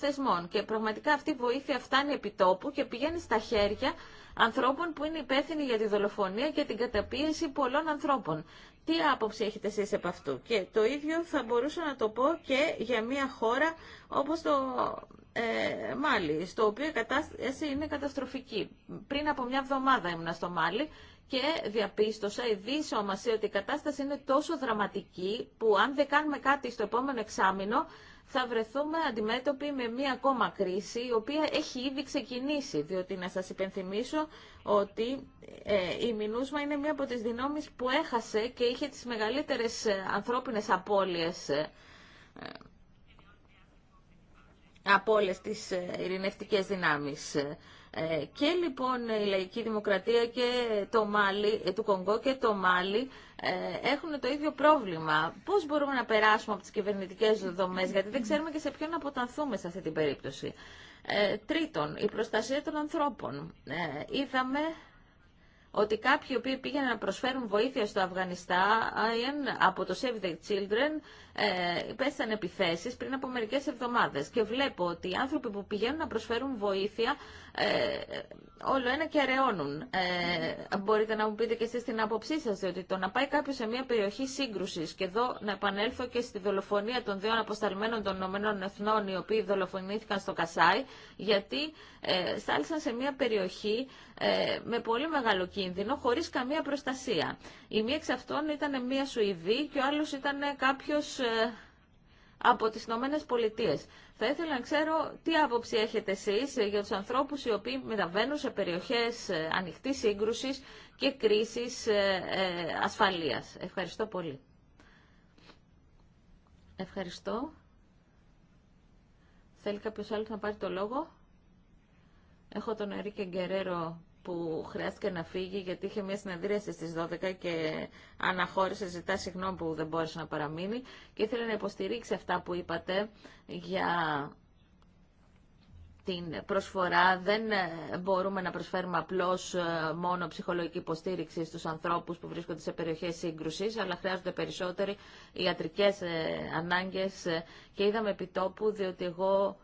θεσμών. Και πραγματικά αυτή η βοήθεια φτάνει επί τόπου και πηγαίνει στα χέρια ανθρώπων που είναι υπεύθυνοι για τη δολοφονία και την καταπίεση πολλών ανθρώπων. Τι άποψη έχετε εσείς επ' αυτού. Και το ίδιο θα μπορούσα να το πω και για μια χώρα όπως το ε, Μάλι, στο οποίο η κατάσταση είναι καταστροφική. Πριν από μια εβδομάδα ήμουν στο Μάλι και διαπίστωσα, η δύσομασία, ότι η κατάσταση είναι τόσο δραματική που αν δεν κάνουμε κάτι στο επόμενο εξάμεινο θα βρεθούμε αντιμέτωποι με μία ακόμα κρίση, η οποία έχει ήδη ξεκινήσει, διότι να σας υπενθυμίσω ότι ε, η Μινούσμα είναι μία από τις δυνόμεις που έχασε και είχε τις μεγαλύτερες ε, ανθρώπινες απώλειες ε, από όλε τι ε, ειρηνευτικέ δυνάμει. Ε, και λοιπόν η Λαϊκή Δημοκρατία και το Μάλι, ε, του Κονγκό και το Μάλι έχουν το ίδιο πρόβλημα. Πώς μπορούμε να περάσουμε από τι κυβερνητικέ δομέ, γιατί δεν ξέρουμε και σε ποιον να αποτανθούμε σε αυτή την περίπτωση. Ε, τρίτον, η προστασία των ανθρώπων. Ε, είδαμε ότι κάποιοι οποίοι πήγαιναν να προσφέρουν βοήθεια στο Αφγανιστάν από το Save the Children ε, επιθέσει επιθέσεις πριν από μερικές εβδομάδες. Και βλέπω ότι οι άνθρωποι που πηγαίνουν να προσφέρουν βοήθεια ε, όλο ένα και αραιώνουν. Ε, μπορείτε να μου πείτε και εσείς την άποψή σας, διότι το να πάει κάποιος σε μια περιοχή σύγκρουσης και εδώ να επανέλθω και στη δολοφονία των δύο αποσταλμένων των Ηνωμένων Εθνών, οι οποίοι δολοφονήθηκαν στο Κασάι, γιατί ε, στάλησαν σε μια περιοχή ε, με πολύ μεγάλο κίνδυνο, χωρίς καμία προστασία. Η μία εξ αυτών ήταν μια Σουηδή και ο άλλος ήταν κάποιος... Ε, από τις Ηνωμένε Πολιτείες. Θα ήθελα να ξέρω τι άποψη έχετε εσείς για τους ανθρώπους οι οποίοι μεταβαίνουν σε περιοχές ε, ανοιχτή σύγκρουσης και κρίσης ε, ε, ασφαλείας. Ευχαριστώ πολύ. Ευχαριστώ. Θέλει κάποιος άλλος να πάρει το λόγο. Έχω τον Ερίκε Γκερέρο που χρειάστηκε να φύγει γιατί είχε μια συνεδρίαση στις 12 και αναχώρησε, ζητά συγγνώμη που δεν μπόρεσε να παραμείνει και ήθελε να υποστηρίξει αυτά που είπατε για την προσφορά. Δεν ε, μπορούμε να προσφέρουμε απλώς ε, μόνο ψυχολογική υποστήριξη στους ανθρώπους που βρίσκονται σε περιοχές σύγκρουσης, αλλά χρειάζονται περισσότεροι ιατρικές ε, ανάγκες και είδαμε επιτόπου, διότι εγώ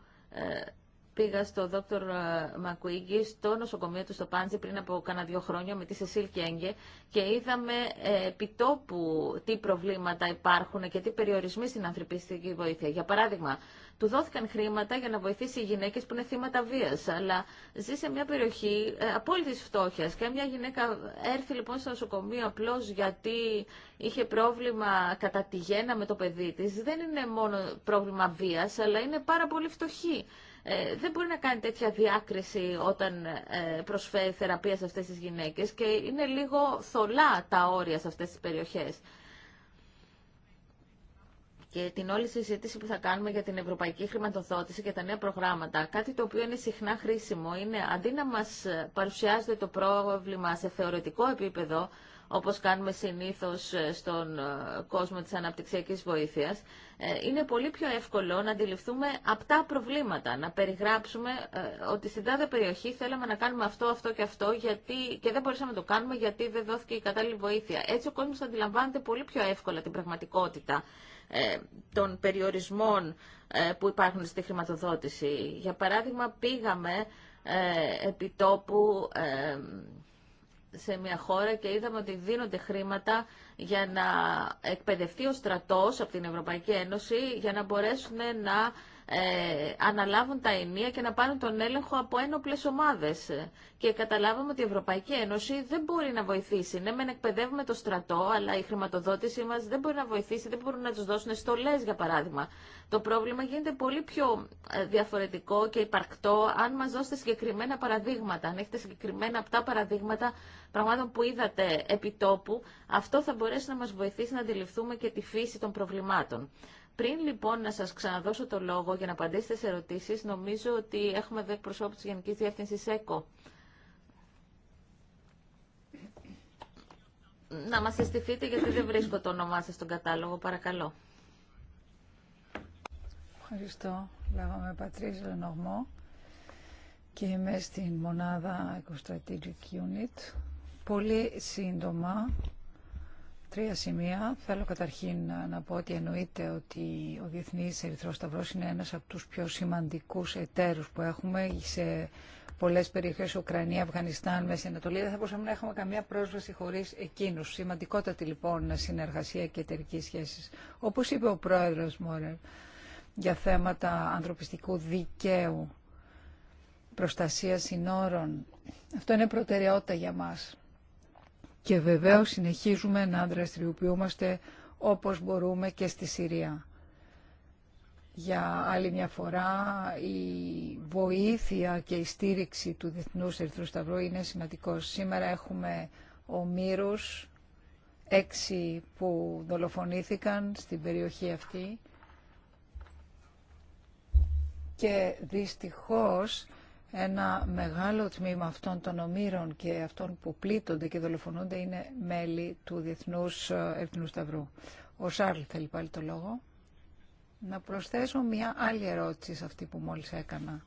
Πήγα στο δόκτωρ ε, Μακουίγκη στο νοσοκομείο του στο Πάντζι πριν από κάνα δύο χρόνια με τη Σεσίλ Κέγγε και είδαμε ε, επιτόπου τι προβλήματα υπάρχουν και τι περιορισμοί στην ανθρωπιστική βοήθεια. Για παράδειγμα, του δόθηκαν χρήματα για να βοηθήσει οι γυναίκε που είναι θύματα βία, αλλά ζει σε μια περιοχή ε, απόλυτη φτώχεια και μια γυναίκα έρθει λοιπόν στο νοσοκομείο απλώ γιατί είχε πρόβλημα κατά τη γέννα με το παιδί τη. Δεν είναι μόνο πρόβλημα βία, αλλά είναι πάρα πολύ φτωχή. Ε, δεν μπορεί να κάνει τέτοια διάκριση όταν ε, προσφέρει θεραπεία σε αυτές τις γυναίκες και είναι λίγο θολά τα όρια σε αυτές τις περιοχές. Και την όλη συζήτηση που θα κάνουμε για την ευρωπαϊκή χρηματοδότηση και τα νέα προγράμματα, κάτι το οποίο είναι συχνά χρήσιμο, είναι αντί να μας παρουσιάζεται το πρόβλημα σε θεωρητικό επίπεδο, όπως κάνουμε συνήθως ε, στον ε, κόσμο της αναπτυξιακής βοήθειας, ε, είναι πολύ πιο εύκολο να αντιληφθούμε απτά προβλήματα, να περιγράψουμε ότι στην τάδε περιοχή θέλαμε να κάνουμε αυτό, αυτό και αυτό γιατί, και δεν μπορούσαμε να το κάνουμε γιατί δεν δόθηκε η κατάλληλη βοήθεια. Έτσι ο κόσμος αντιλαμβάνεται πολύ πιο εύκολα την πραγματικότητα των περιορισμών που υπάρχουν στη χρηματοδότηση. Για παράδειγμα, πήγαμε επί τόπου σε μια χώρα και είδαμε ότι δίνονται χρήματα για να εκπαιδευτεί ο στρατός από την Ευρωπαϊκή Ένωση για να μπορέσουν να ε, αναλάβουν τα ενία και να πάρουν τον έλεγχο από ένοπλε ομάδε. Και καταλάβαμε ότι η Ευρωπαϊκή Ένωση δεν μπορεί να βοηθήσει. Ναι, μεν εκπαιδεύουμε το στρατό, αλλά η χρηματοδότησή μα δεν μπορεί να βοηθήσει, δεν μπορούν να του δώσουν στολέ, για παράδειγμα. Το πρόβλημα γίνεται πολύ πιο ε, διαφορετικό και υπαρκτό αν μα δώσετε συγκεκριμένα παραδείγματα, αν έχετε συγκεκριμένα αυτά παραδείγματα πραγμάτων που είδατε επί τόπου, αυτό θα μπορέσει να μα βοηθήσει να αντιληφθούμε και τη φύση των προβλημάτων. Πριν λοιπόν να σας ξαναδώσω το λόγο για να απαντήσετε σε ερωτήσεις, νομίζω ότι έχουμε εδώ εκπροσώπου της Γενικής Διεύθυνσης ΕΚΟ. Να μας συστηθείτε γιατί δεν βρίσκω το όνομά σας στον κατάλογο, παρακαλώ. Ευχαριστώ. Λέγομαι Πατρίς Λενογμό και είμαι στην μονάδα Eco Strategic Unit. Πολύ σύντομα Τρία σημεία. Θέλω καταρχήν να πω ότι εννοείται ότι ο Διεθνής Ερυθρός Σταυρός είναι ένας από τους πιο σημαντικούς εταίρους που έχουμε σε πολλές περιοχές, Ουκρανία, Αφγανιστάν, Μέση Ανατολή. Δεν θα μπορούσαμε να έχουμε καμία πρόσβαση χωρίς εκείνους. Σημαντικότατη λοιπόν συνεργασία και εταιρική σχέση. Όπως είπε ο πρόεδρος Μόρελ για θέματα ανθρωπιστικού δικαίου, προστασία συνόρων. Αυτό είναι προτεραιότητα για μας και βεβαίως συνεχίζουμε να δραστηριοποιούμαστε όπως μπορούμε και στη Συρία. Για άλλη μια φορά η βοήθεια και η στήριξη του Διεθνούς Ερυθρού Σταυρού είναι σημαντικό. Σήμερα έχουμε ομήρους, έξι που δολοφονήθηκαν στην περιοχή αυτή και δυστυχώς ένα μεγάλο τμήμα αυτών των ομήρων και αυτών που πλήττονται και δολοφονούνται είναι μέλη του Διεθνούς Ευθυνού Σταυρού. Ο Σάρλ θέλει πάλι το λόγο. Να προσθέσω μια άλλη ερώτηση σε αυτή που μόλις έκανα.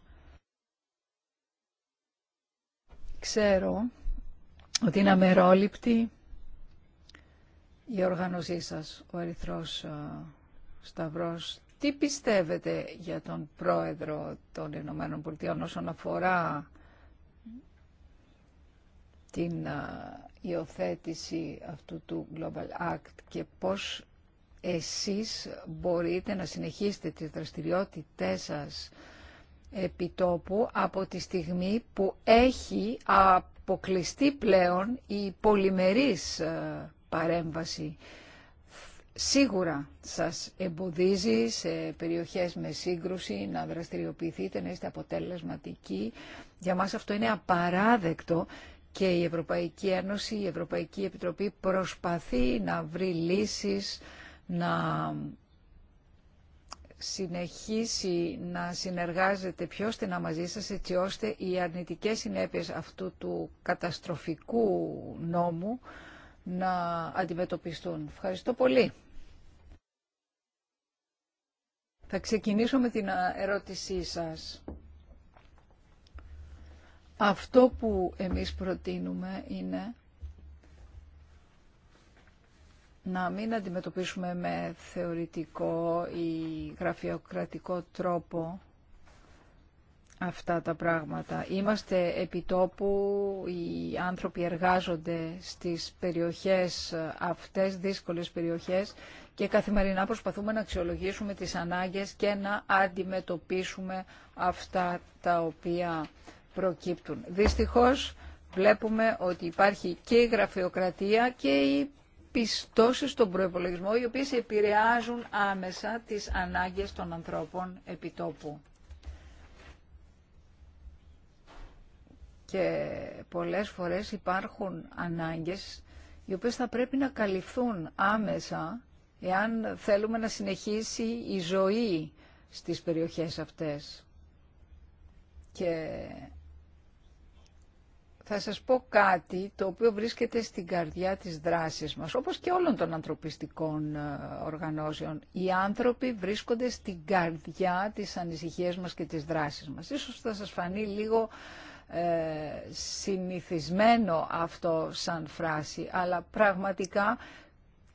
Ξέρω ότι είναι αμερόληπτη η οργανωσή σας, ο Ερυθρός ε, Σταυρός τι πιστεύετε για τον πρόεδρο των Ηνωμένων Πολιτειών όσον αφορά την υιοθέτηση αυτού του Global Act και πώς εσείς μπορείτε να συνεχίσετε τις δραστηριότητές σας επιτόπου από τη στιγμή που έχει αποκλειστεί πλέον η πολυμερής παρέμβαση σίγουρα σας εμποδίζει σε περιοχές με σύγκρουση να δραστηριοποιηθείτε, να είστε αποτελεσματικοί. Για μας αυτό είναι απαράδεκτο και η Ευρωπαϊκή Ένωση, η Ευρωπαϊκή Επιτροπή προσπαθεί να βρει λύσεις, να συνεχίσει να συνεργάζεται πιο στενά μαζί σας έτσι ώστε οι αρνητικές συνέπειες αυτού του καταστροφικού νόμου να αντιμετωπιστούν. Ευχαριστώ πολύ. Θα ξεκινήσω με την ερώτησή σας. Αυτό που εμείς προτείνουμε είναι να μην αντιμετωπίσουμε με θεωρητικό ή γραφειοκρατικό τρόπο αυτά τα πράγματα. Είμαστε επιτόπου, οι άνθρωποι εργάζονται στις περιοχές αυτές, δύσκολες περιοχές και καθημερινά προσπαθούμε να αξιολογήσουμε τις ανάγκες και να αντιμετωπίσουμε αυτά τα οποία προκύπτουν. Δυστυχώς βλέπουμε ότι υπάρχει και η γραφειοκρατία και οι πιστώσεις στον προϋπολογισμό οι οποίες επηρεάζουν άμεσα τις ανάγκες των ανθρώπων επιτόπου. και πολλές φορές υπάρχουν ανάγκες οι οποίες θα πρέπει να καλυφθούν άμεσα εάν θέλουμε να συνεχίσει η ζωή στις περιοχές αυτές. Και θα σας πω κάτι το οποίο βρίσκεται στην καρδιά της δράσης μας, όπως και όλων των ανθρωπιστικών ε, οργανώσεων. Οι άνθρωποι βρίσκονται στην καρδιά της ανησυχίας μας και της δράσης μας. Ίσως θα σας φανεί λίγο ε, συνηθισμένο αυτό σαν φράση, αλλά πραγματικά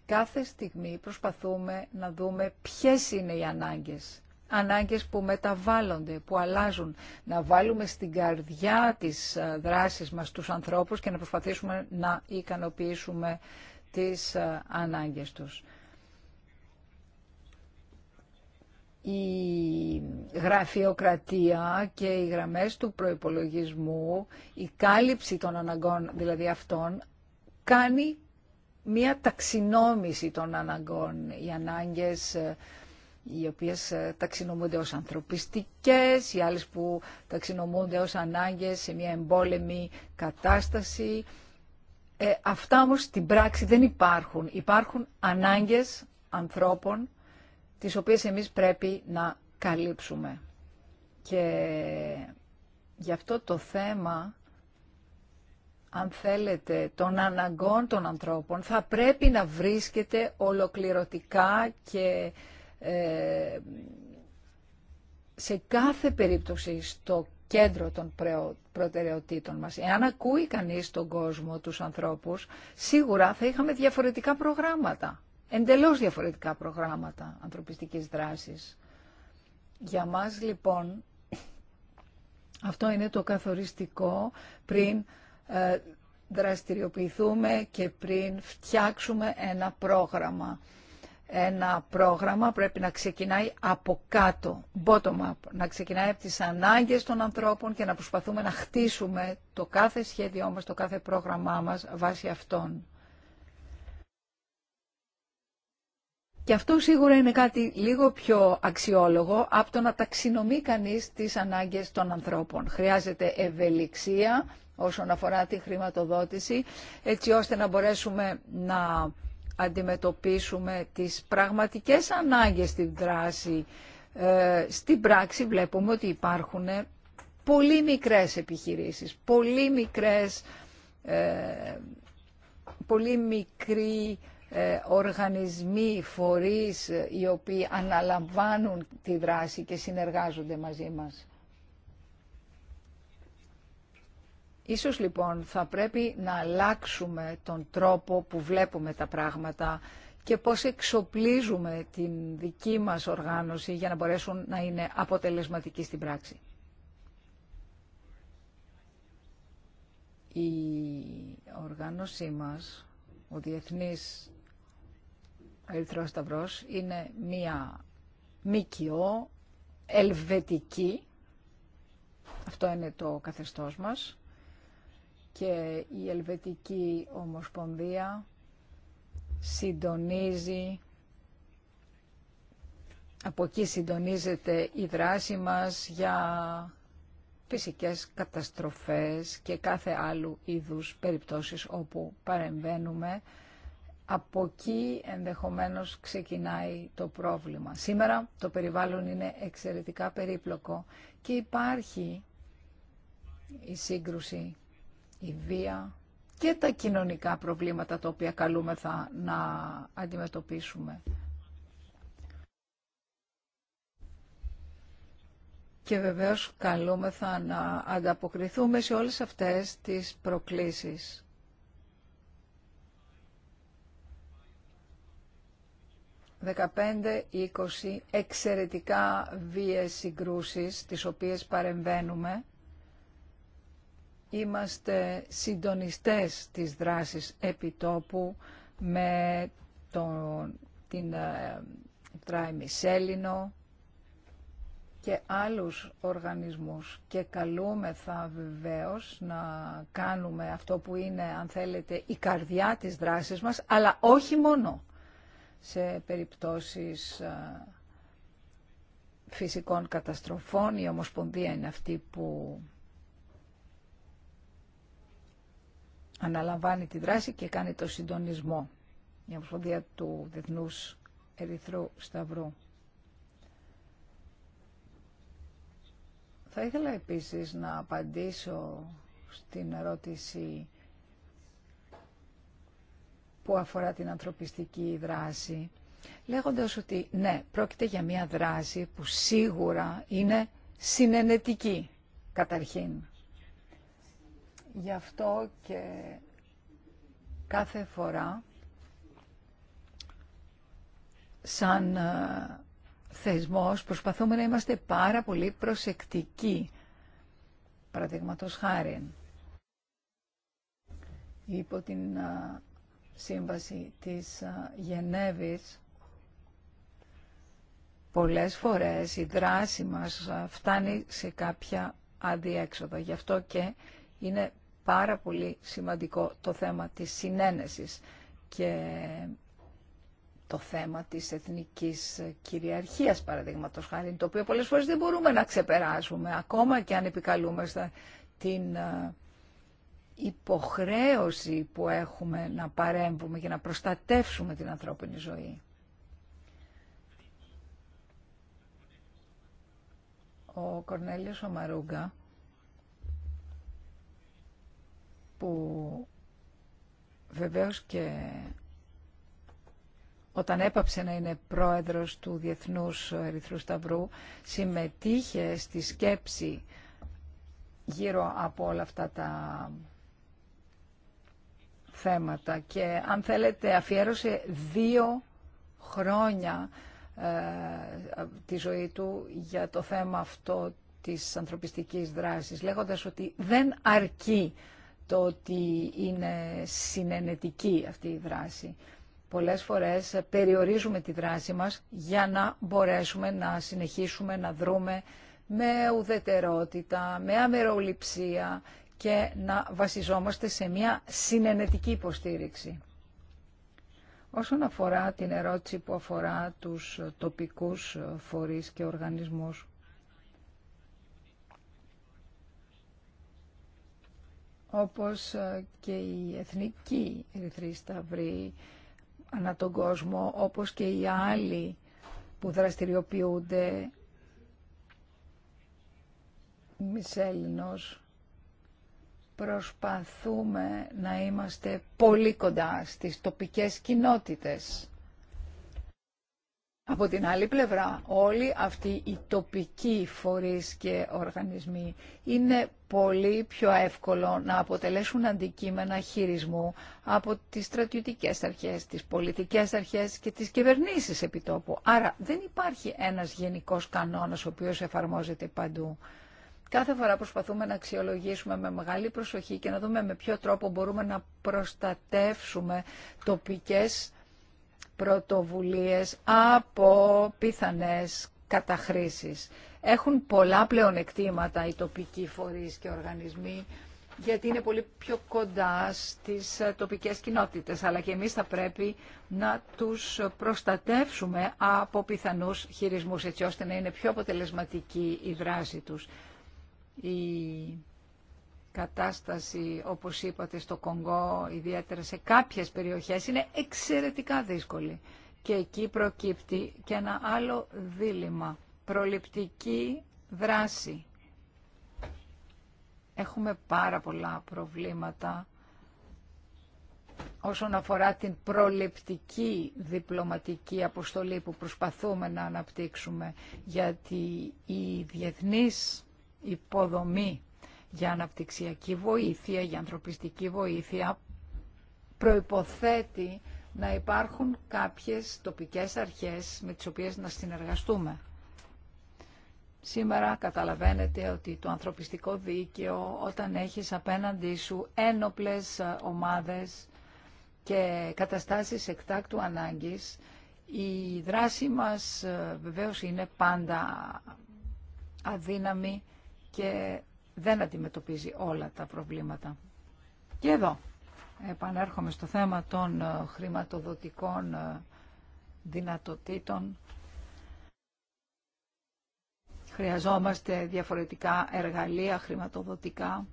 κάθε στιγμή προσπαθούμε να δούμε ποιες είναι οι ανάγκες. Ανάγκες που μεταβάλλονται, που αλλάζουν. Να βάλουμε στην καρδιά της ε, δράσης μας τους ανθρώπους και να προσπαθήσουμε να ικανοποιήσουμε τις ε, ανάγκες τους. η γραφειοκρατία και οι γραμμές του προϋπολογισμού, η κάλυψη των αναγκών δηλαδή αυτών, κάνει μία ταξινόμηση των αναγκών. Οι ανάγκες ε, οι οποίες ε, ταξινομούνται ως ανθρωπιστικές, οι άλλες που ταξινομούνται ως ανάγκες σε μια εμπόλεμη κατάσταση. Ε, αυτά όμως στην πράξη δεν υπάρχουν. Υπάρχουν ανάγκες ανθρώπων τις οποίες εμείς πρέπει να καλύψουμε. Και γι' αυτό το θέμα, αν θέλετε, των αναγκών των ανθρώπων θα πρέπει να βρίσκεται ολοκληρωτικά και ε, σε κάθε περίπτωση στο κέντρο των προτεραιοτήτων μας. Εάν ακούει κανείς τον κόσμο, τους ανθρώπους, σίγουρα θα είχαμε διαφορετικά προγράμματα εντελώς διαφορετικά προγράμματα ανθρωπιστικής δράσης. Για μας λοιπόν αυτό είναι το καθοριστικό πριν ε, δραστηριοποιηθούμε και πριν φτιάξουμε ένα πρόγραμμα. Ένα πρόγραμμα πρέπει να ξεκινάει από κάτω, bottom-up, να ξεκινάει από τις ανάγκες των ανθρώπων και να προσπαθούμε να χτίσουμε το κάθε σχέδιό μας, το κάθε πρόγραμμά μας βάσει αυτών. Και αυτό σίγουρα είναι κάτι λίγο πιο αξιόλογο από το να ταξινομεί κανείς τις ανάγκες των ανθρώπων. Χρειάζεται ευελιξία όσον αφορά τη χρηματοδότηση, έτσι ώστε να μπορέσουμε να αντιμετωπίσουμε τις πραγματικές ανάγκες στην δράση. Ε, στην πράξη βλέπουμε ότι υπάρχουν πολύ μικρές επιχειρήσεις, πολύ μικρές, ε, πολύ ε, οργανισμοί, φορείς ε, οι οποίοι αναλαμβάνουν τη δράση και συνεργάζονται μαζί μας. Ίσως λοιπόν θα πρέπει να αλλάξουμε τον τρόπο που βλέπουμε τα πράγματα και πώς εξοπλίζουμε την δική μας οργάνωση για να μπορέσουν να είναι αποτελεσματικοί στην πράξη. Η οργάνωσή μας, ο Διεθνής Ερυθρό Σταυρό είναι μία μικιό ελβετική. Αυτό είναι το καθεστώς μας. Και η Ελβετική Ομοσπονδία συντονίζει από εκεί συντονίζεται η δράση μας για φυσικές καταστροφές και κάθε άλλου είδους περιπτώσεις όπου παρεμβαίνουμε από εκεί ενδεχομένως ξεκινάει το πρόβλημα. Σήμερα το περιβάλλον είναι εξαιρετικά περίπλοκο και υπάρχει η σύγκρουση, η βία και τα κοινωνικά προβλήματα τα οποία καλούμεθα να αντιμετωπίσουμε. Και βεβαίως καλούμεθα να ανταποκριθούμε σε όλες αυτές τις προκλήσεις. 15-20 εξαιρετικά βίες συγκρούσεις τις οποίες παρεμβαίνουμε. Είμαστε συντονιστές της δράσης επιτόπου με τον, την Τράι ε, Σέλινο και άλλους οργανισμούς και θα βεβαίως να κάνουμε αυτό που είναι αν θέλετε η καρδιά της δράσης μας αλλά όχι μόνο σε περιπτώσεις φυσικών καταστροφών. Η Ομοσπονδία είναι αυτή που αναλαμβάνει τη δράση και κάνει το συντονισμό. Η Ομοσπονδία του Διεθνούς Ερυθρού Σταυρού. Θα ήθελα επίσης να απαντήσω στην ερώτηση που αφορά την ανθρωπιστική δράση, λέγοντας ότι ναι, πρόκειται για μια δράση που σίγουρα είναι συνενετική καταρχήν. Γι' αυτό και κάθε φορά σαν ε, θεσμός προσπαθούμε να είμαστε πάρα πολύ προσεκτικοί. Παραδείγματος χάρη, υπό την ε, σύμβαση της ε, Γενέβης, πολλές φορές η δράση μας ε, φτάνει σε κάποια αδιέξοδα. Γι' αυτό και είναι πάρα πολύ σημαντικό το θέμα της συνένεσης και το θέμα της εθνικής ε, κυριαρχίας παραδείγματος χάρη, το οποίο πολλές φορές δεν μπορούμε να ξεπεράσουμε, ακόμα και αν επικαλούμαστε την υποχρέωση που έχουμε να παρέμβουμε και να προστατεύσουμε την ανθρώπινη ζωή. Ο Κορνέλιος Ομαρούγκα που βεβαίως και όταν έπαψε να είναι πρόεδρος του Διεθνούς Ερυθρού Σταυρού, συμμετείχε στη σκέψη γύρω από όλα αυτά τα θέματα και αν θέλετε αφιέρωσε δύο χρόνια ε, τη ζωή του για το θέμα αυτό της ανθρωπιστικής δράσης, λέγοντας ότι δεν αρκεί το ότι είναι συνενετική αυτή η δράση. Πολλές φορές περιορίζουμε τη δράση μας για να μπορέσουμε να συνεχίσουμε να δρούμε με ουδετερότητα, με αμεροληψία, και να βασιζόμαστε σε μια συνενετική υποστήριξη. Όσον αφορά την ερώτηση που αφορά τους τοπικούς φορείς και οργανισμούς, όπως και η Εθνική Ερυθρή Σταυρή ανά τον κόσμο, όπως και οι άλλοι που δραστηριοποιούνται Μισέλινος, προσπαθούμε να είμαστε πολύ κοντά στις τοπικές κοινότητες. Από την άλλη πλευρά, όλοι αυτοί οι τοπικοί φορείς και οργανισμοί είναι πολύ πιο εύκολο να αποτελέσουν αντικείμενα χειρισμού από τις στρατιωτικές αρχές, τις πολιτικές αρχές και τις κυβερνήσεις επιτόπου. Άρα δεν υπάρχει ένας γενικός κανόνας ο οποίος εφαρμόζεται παντού. Κάθε φορά προσπαθούμε να αξιολογήσουμε με μεγάλη προσοχή και να δούμε με ποιο τρόπο μπορούμε να προστατεύσουμε τοπικές πρωτοβουλίες από πιθανές καταχρήσεις. Έχουν πολλά πλεονεκτήματα οι τοπικοί φορείς και οργανισμοί γιατί είναι πολύ πιο κοντά στις τοπικές κοινότητες, αλλά και εμείς θα πρέπει να τους προστατεύσουμε από πιθανούς χειρισμούς, έτσι ώστε να είναι πιο αποτελεσματική η δράση τους η κατάσταση, όπως είπατε, στο Κονγκό, ιδιαίτερα σε κάποιες περιοχές, είναι εξαιρετικά δύσκολη. Και εκεί προκύπτει και ένα άλλο δίλημα, προληπτική δράση. Έχουμε πάρα πολλά προβλήματα όσον αφορά την προληπτική διπλωματική αποστολή που προσπαθούμε να αναπτύξουμε, γιατί οι διεθνείς υποδομή για αναπτυξιακή βοήθεια, για ανθρωπιστική βοήθεια, προϋποθέτει να υπάρχουν κάποιες τοπικές αρχές με τις οποίες να συνεργαστούμε. Σήμερα καταλαβαίνετε ότι το ανθρωπιστικό δίκαιο όταν έχεις απέναντί σου ένοπλες ε, ομάδες και καταστάσεις εκτάκτου ανάγκης, η δράση μας ε, βεβαίως είναι πάντα αδύναμη και δεν αντιμετωπίζει όλα τα προβλήματα. Και εδώ επανέρχομαι στο θέμα των ε, χρηματοδοτικών ε, δυνατοτήτων. Χρειαζόμαστε διαφορετικά εργαλεία χρηματοδοτικά,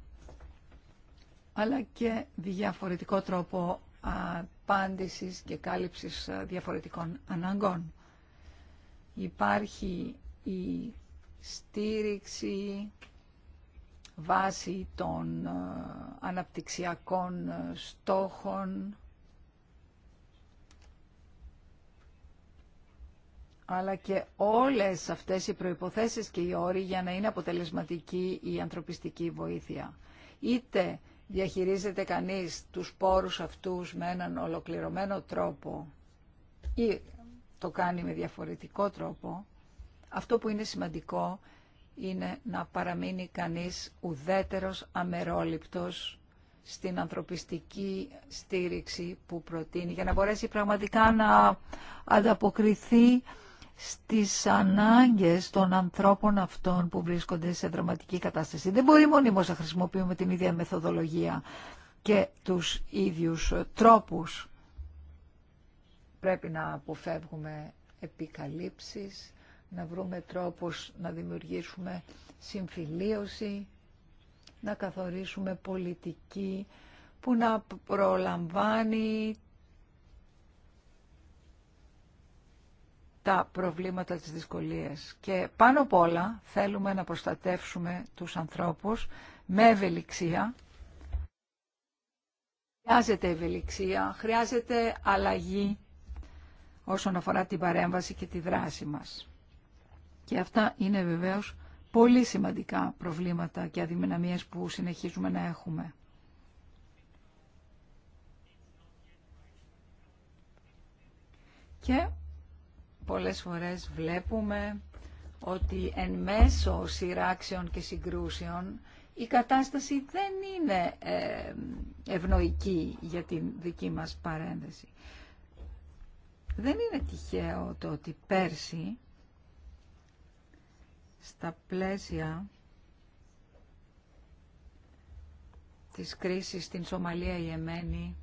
αλλά και διαφορετικό τρόπο απάντησης και κάλυψης διαφορετικών αναγκών. Υπάρχει η στήριξη βάση των ε, αναπτυξιακών ε, στόχων αλλά και όλες αυτές οι προϋποθέσεις και οι όροι για να είναι αποτελεσματική η ανθρωπιστική βοήθεια. Είτε διαχειρίζεται κανείς τους πόρους αυτούς με έναν ολοκληρωμένο τρόπο ή το κάνει με διαφορετικό τρόπο, αυτό που είναι σημαντικό είναι να παραμείνει κανείς ουδέτερος, αμερόληπτος στην ανθρωπιστική στήριξη που προτείνει για να μπορέσει πραγματικά να ανταποκριθεί στις ανάγκες των ανθρώπων αυτών που βρίσκονται σε δραματική κατάσταση. Δεν μπορεί μονίμως να χρησιμοποιούμε την ίδια μεθοδολογία και τους ίδιους τρόπους. Πρέπει να αποφεύγουμε επικαλύψεις, να βρούμε τρόπους να δημιουργήσουμε συμφιλίωση, να καθορίσουμε πολιτική που να προλαμβάνει τα προβλήματα, της δυσκολίες. Και πάνω απ' όλα θέλουμε να προστατεύσουμε τους ανθρώπους με ευελιξία. Χρειάζεται ευελιξία, χρειάζεται αλλαγή όσον αφορά την παρέμβαση και τη δράση μας. Και αυτά είναι βεβαίως πολύ σημαντικά προβλήματα και αδυναμίες που συνεχίζουμε να έχουμε. Και πολλές φορές βλέπουμε ότι εν μέσω σειράξεων και συγκρούσεων η κατάσταση δεν είναι ε, ευνοϊκή για την δική μας παρένθεση. Δεν είναι τυχαίο το ότι πέρσι στα πλαίσια της κρίσης στην Σομαλία η Εμένη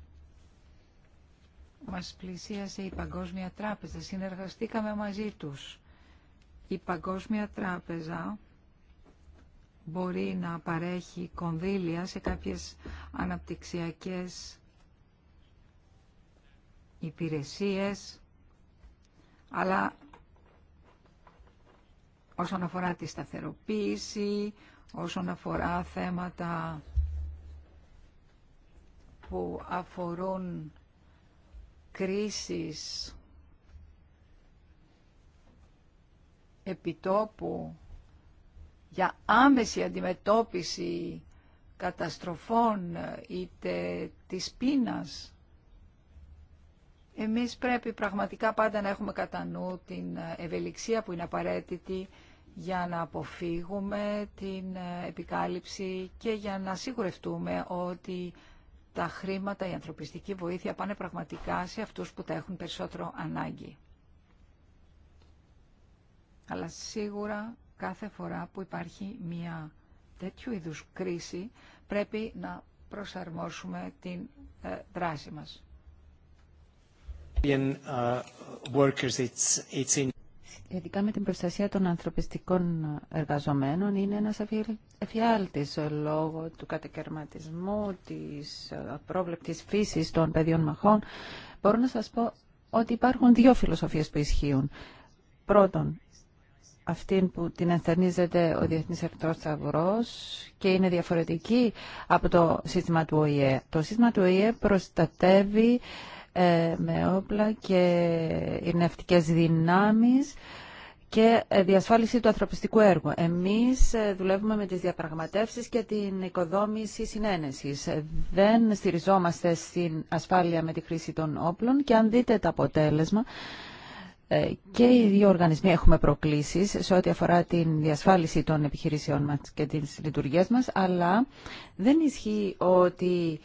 μας πλησίασε η Παγκόσμια Τράπεζα. Συνεργαστήκαμε μαζί τους. Η Παγκόσμια Τράπεζα μπορεί να παρέχει κονδύλια σε κάποιες αναπτυξιακές υπηρεσίες, αλλά όσον αφορά τη σταθεροποίηση, όσον αφορά θέματα που αφορούν κρίσεις επιτόπου για άμεση αντιμετώπιση καταστροφών είτε της πείνας. Εμείς πρέπει πραγματικά πάντα να έχουμε κατά νου την ευελιξία που είναι απαραίτητη για να αποφύγουμε την ε, επικάλυψη και για να σιγουρευτούμε ότι τα χρήματα, η ανθρωπιστική βοήθεια πάνε πραγματικά σε αυτούς που τα έχουν περισσότερο ανάγκη. Αλλά σίγουρα κάθε φορά που υπάρχει μια τέτοιου είδους κρίση πρέπει να προσαρμόσουμε την ε, δράση μας. Uh, σχετικά με την προστασία των ανθρωπιστικών εργαζομένων είναι ένας εφιάλτης λόγω του κατεκερματισμού της ε, απρόβλεπτης φύσης των παιδιών μαχών. Μπορώ να σας πω ότι υπάρχουν δύο φιλοσοφίες που ισχύουν. Πρώτον, αυτήν που την ενθαρρύνεται ο Διεθνής Ερθρός Σταυρός και είναι διαφορετική από το σύστημα του ΟΗΕ. Το σύστημα του ΟΗΕ προστατεύει ε, με όπλα και ειρνευτικές δυνάμεις και ε, διασφάλιση του ανθρωπιστικού έργου. Εμείς ε, δουλεύουμε με τις διαπραγματεύσεις και την οικοδόμηση συνένεσης. Δεν στηριζόμαστε στην ασφάλεια με τη χρήση των όπλων και αν δείτε το αποτέλεσμα, και οι δύο οργανισμοί έχουμε προκλήσεις σε ό,τι αφορά την διασφάλιση των επιχειρήσεών μας και τις λειτουργίες μας, αλλά δεν ισχύει ότι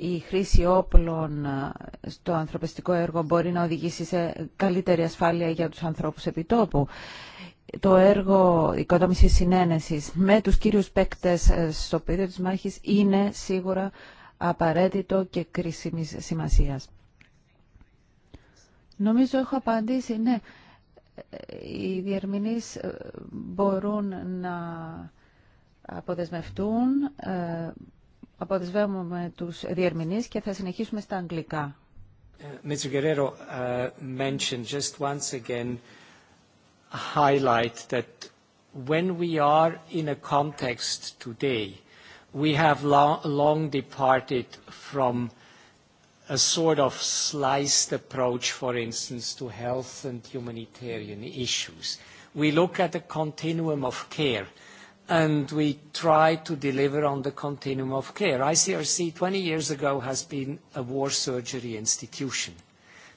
η χρήση όπλων ε, στο ανθρωπιστικό έργο μπορεί να οδηγήσει σε καλύτερη ασφάλεια για τους ανθρώπους επιτόπου. Το έργο οικοδόμηση συνένεση με τους κύριους παίκτες ε, στο πεδίο της μάχης είναι σίγουρα απαραίτητο και κρίσιμη σημασίας. Νομίζω έχω απαντήσει, ναι. Ε, οι διερμηνείς μπορούν να αποδεσμευτούν Αποδεσβεύουμε τους διερμηνείς και θα συνεχίσουμε στα αγγλικά. Mr. Guerrero mentioned just once again highlight that when we are in a context today, we have long departed from a sort of sliced approach, for instance, to health and humanitarian issues. We look at a continuum of care and we try to deliver on the continuum of care. ICRC 20 years ago has been a war surgery institution.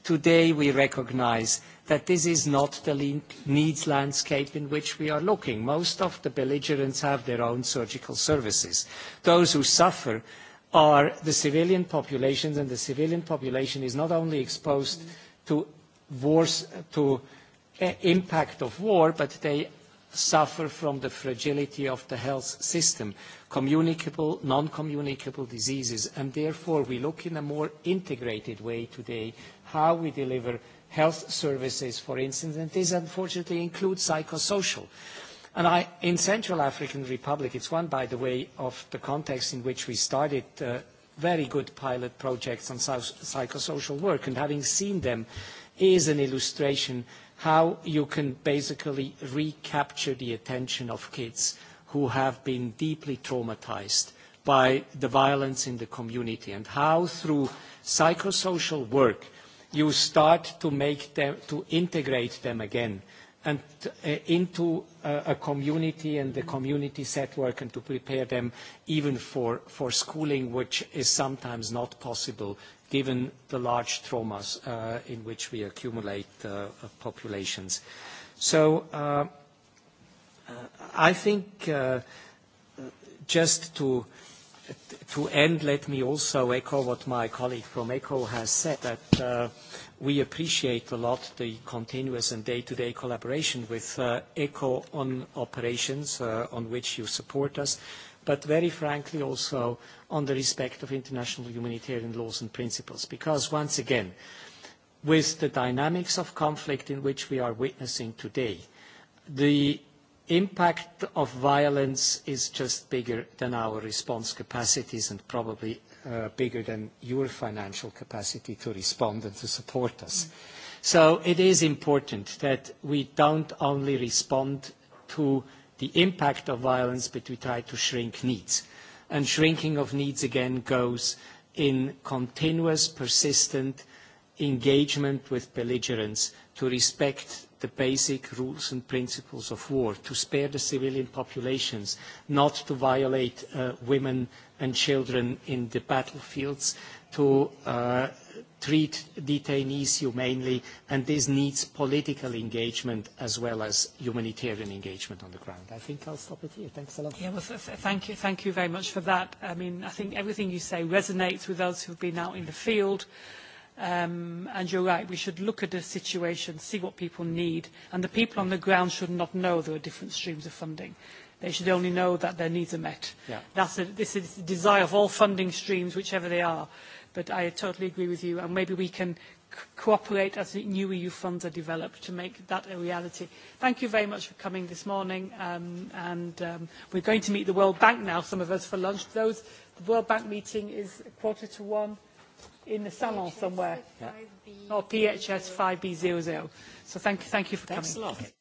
Today we recognize that this is not the needs landscape in which we are looking. Most of the belligerents have their own surgical services. Those who suffer are the civilian populations, and the civilian population is not only exposed to impact of war, but they suffer from the fragility of the health system, communicable, non-communicable diseases, and therefore we look in a more integrated way today how we deliver health services, for instance, and this unfortunately includes psychosocial. And in Central African Republic, it's one, by the way, of the context in which we started very good pilot projects on psychosocial work, and having seen them is an illustration how you can basically recapture the attention of kids who have been deeply traumatized by the violence in the community and how through psychosocial work you start to to integrate them again into a community and the community set work and to prepare them even for schooling which is sometimes not possible given the large traumas in which we accumulate populations. So I think just to to end, let me also echo what my colleague from ECHO has said, that we appreciate a lot the continuous and day-to-day collaboration with ECHO on operations on which you support us but very frankly also on the respect of international humanitarian laws and principles. Because once again, with the dynamics of conflict in which we are witnessing today, the impact of violence is just bigger than our response capacities and probably bigger than your financial capacity to respond and to support us. So it is important that we don't only respond to the impact of violence, but we try to shrink needs. And shrinking of needs, again, goes in continuous, persistent engagement with belligerents to respect the basic rules and principles of war, to spare the civilian populations, not to violate women and children in the battlefields, to treat detainees humanely, and this needs political engagement as well as humanitarian engagement on the ground. I think I'll stop it here. Thanks a lot. Yeah, well, thank you. Thank you very much for that. I mean, I think everything you say resonates with who have been out in the field. And you're right, we should look at the situation, see what people need, and the people on the ground should not know there are different streams of funding. They should only know that their needs are met. This is the desire of all funding streams, whichever they are But I totally agree with you, and maybe we can cooperate as new EU funds are developed to make that a reality. Thank you very much for coming this morning, and we're going to meet the World Bank now, some of us, for lunch. Those, the World Bank meeting is quarter to one in the salon somewhere, or PHS 5B00. So thank you for coming.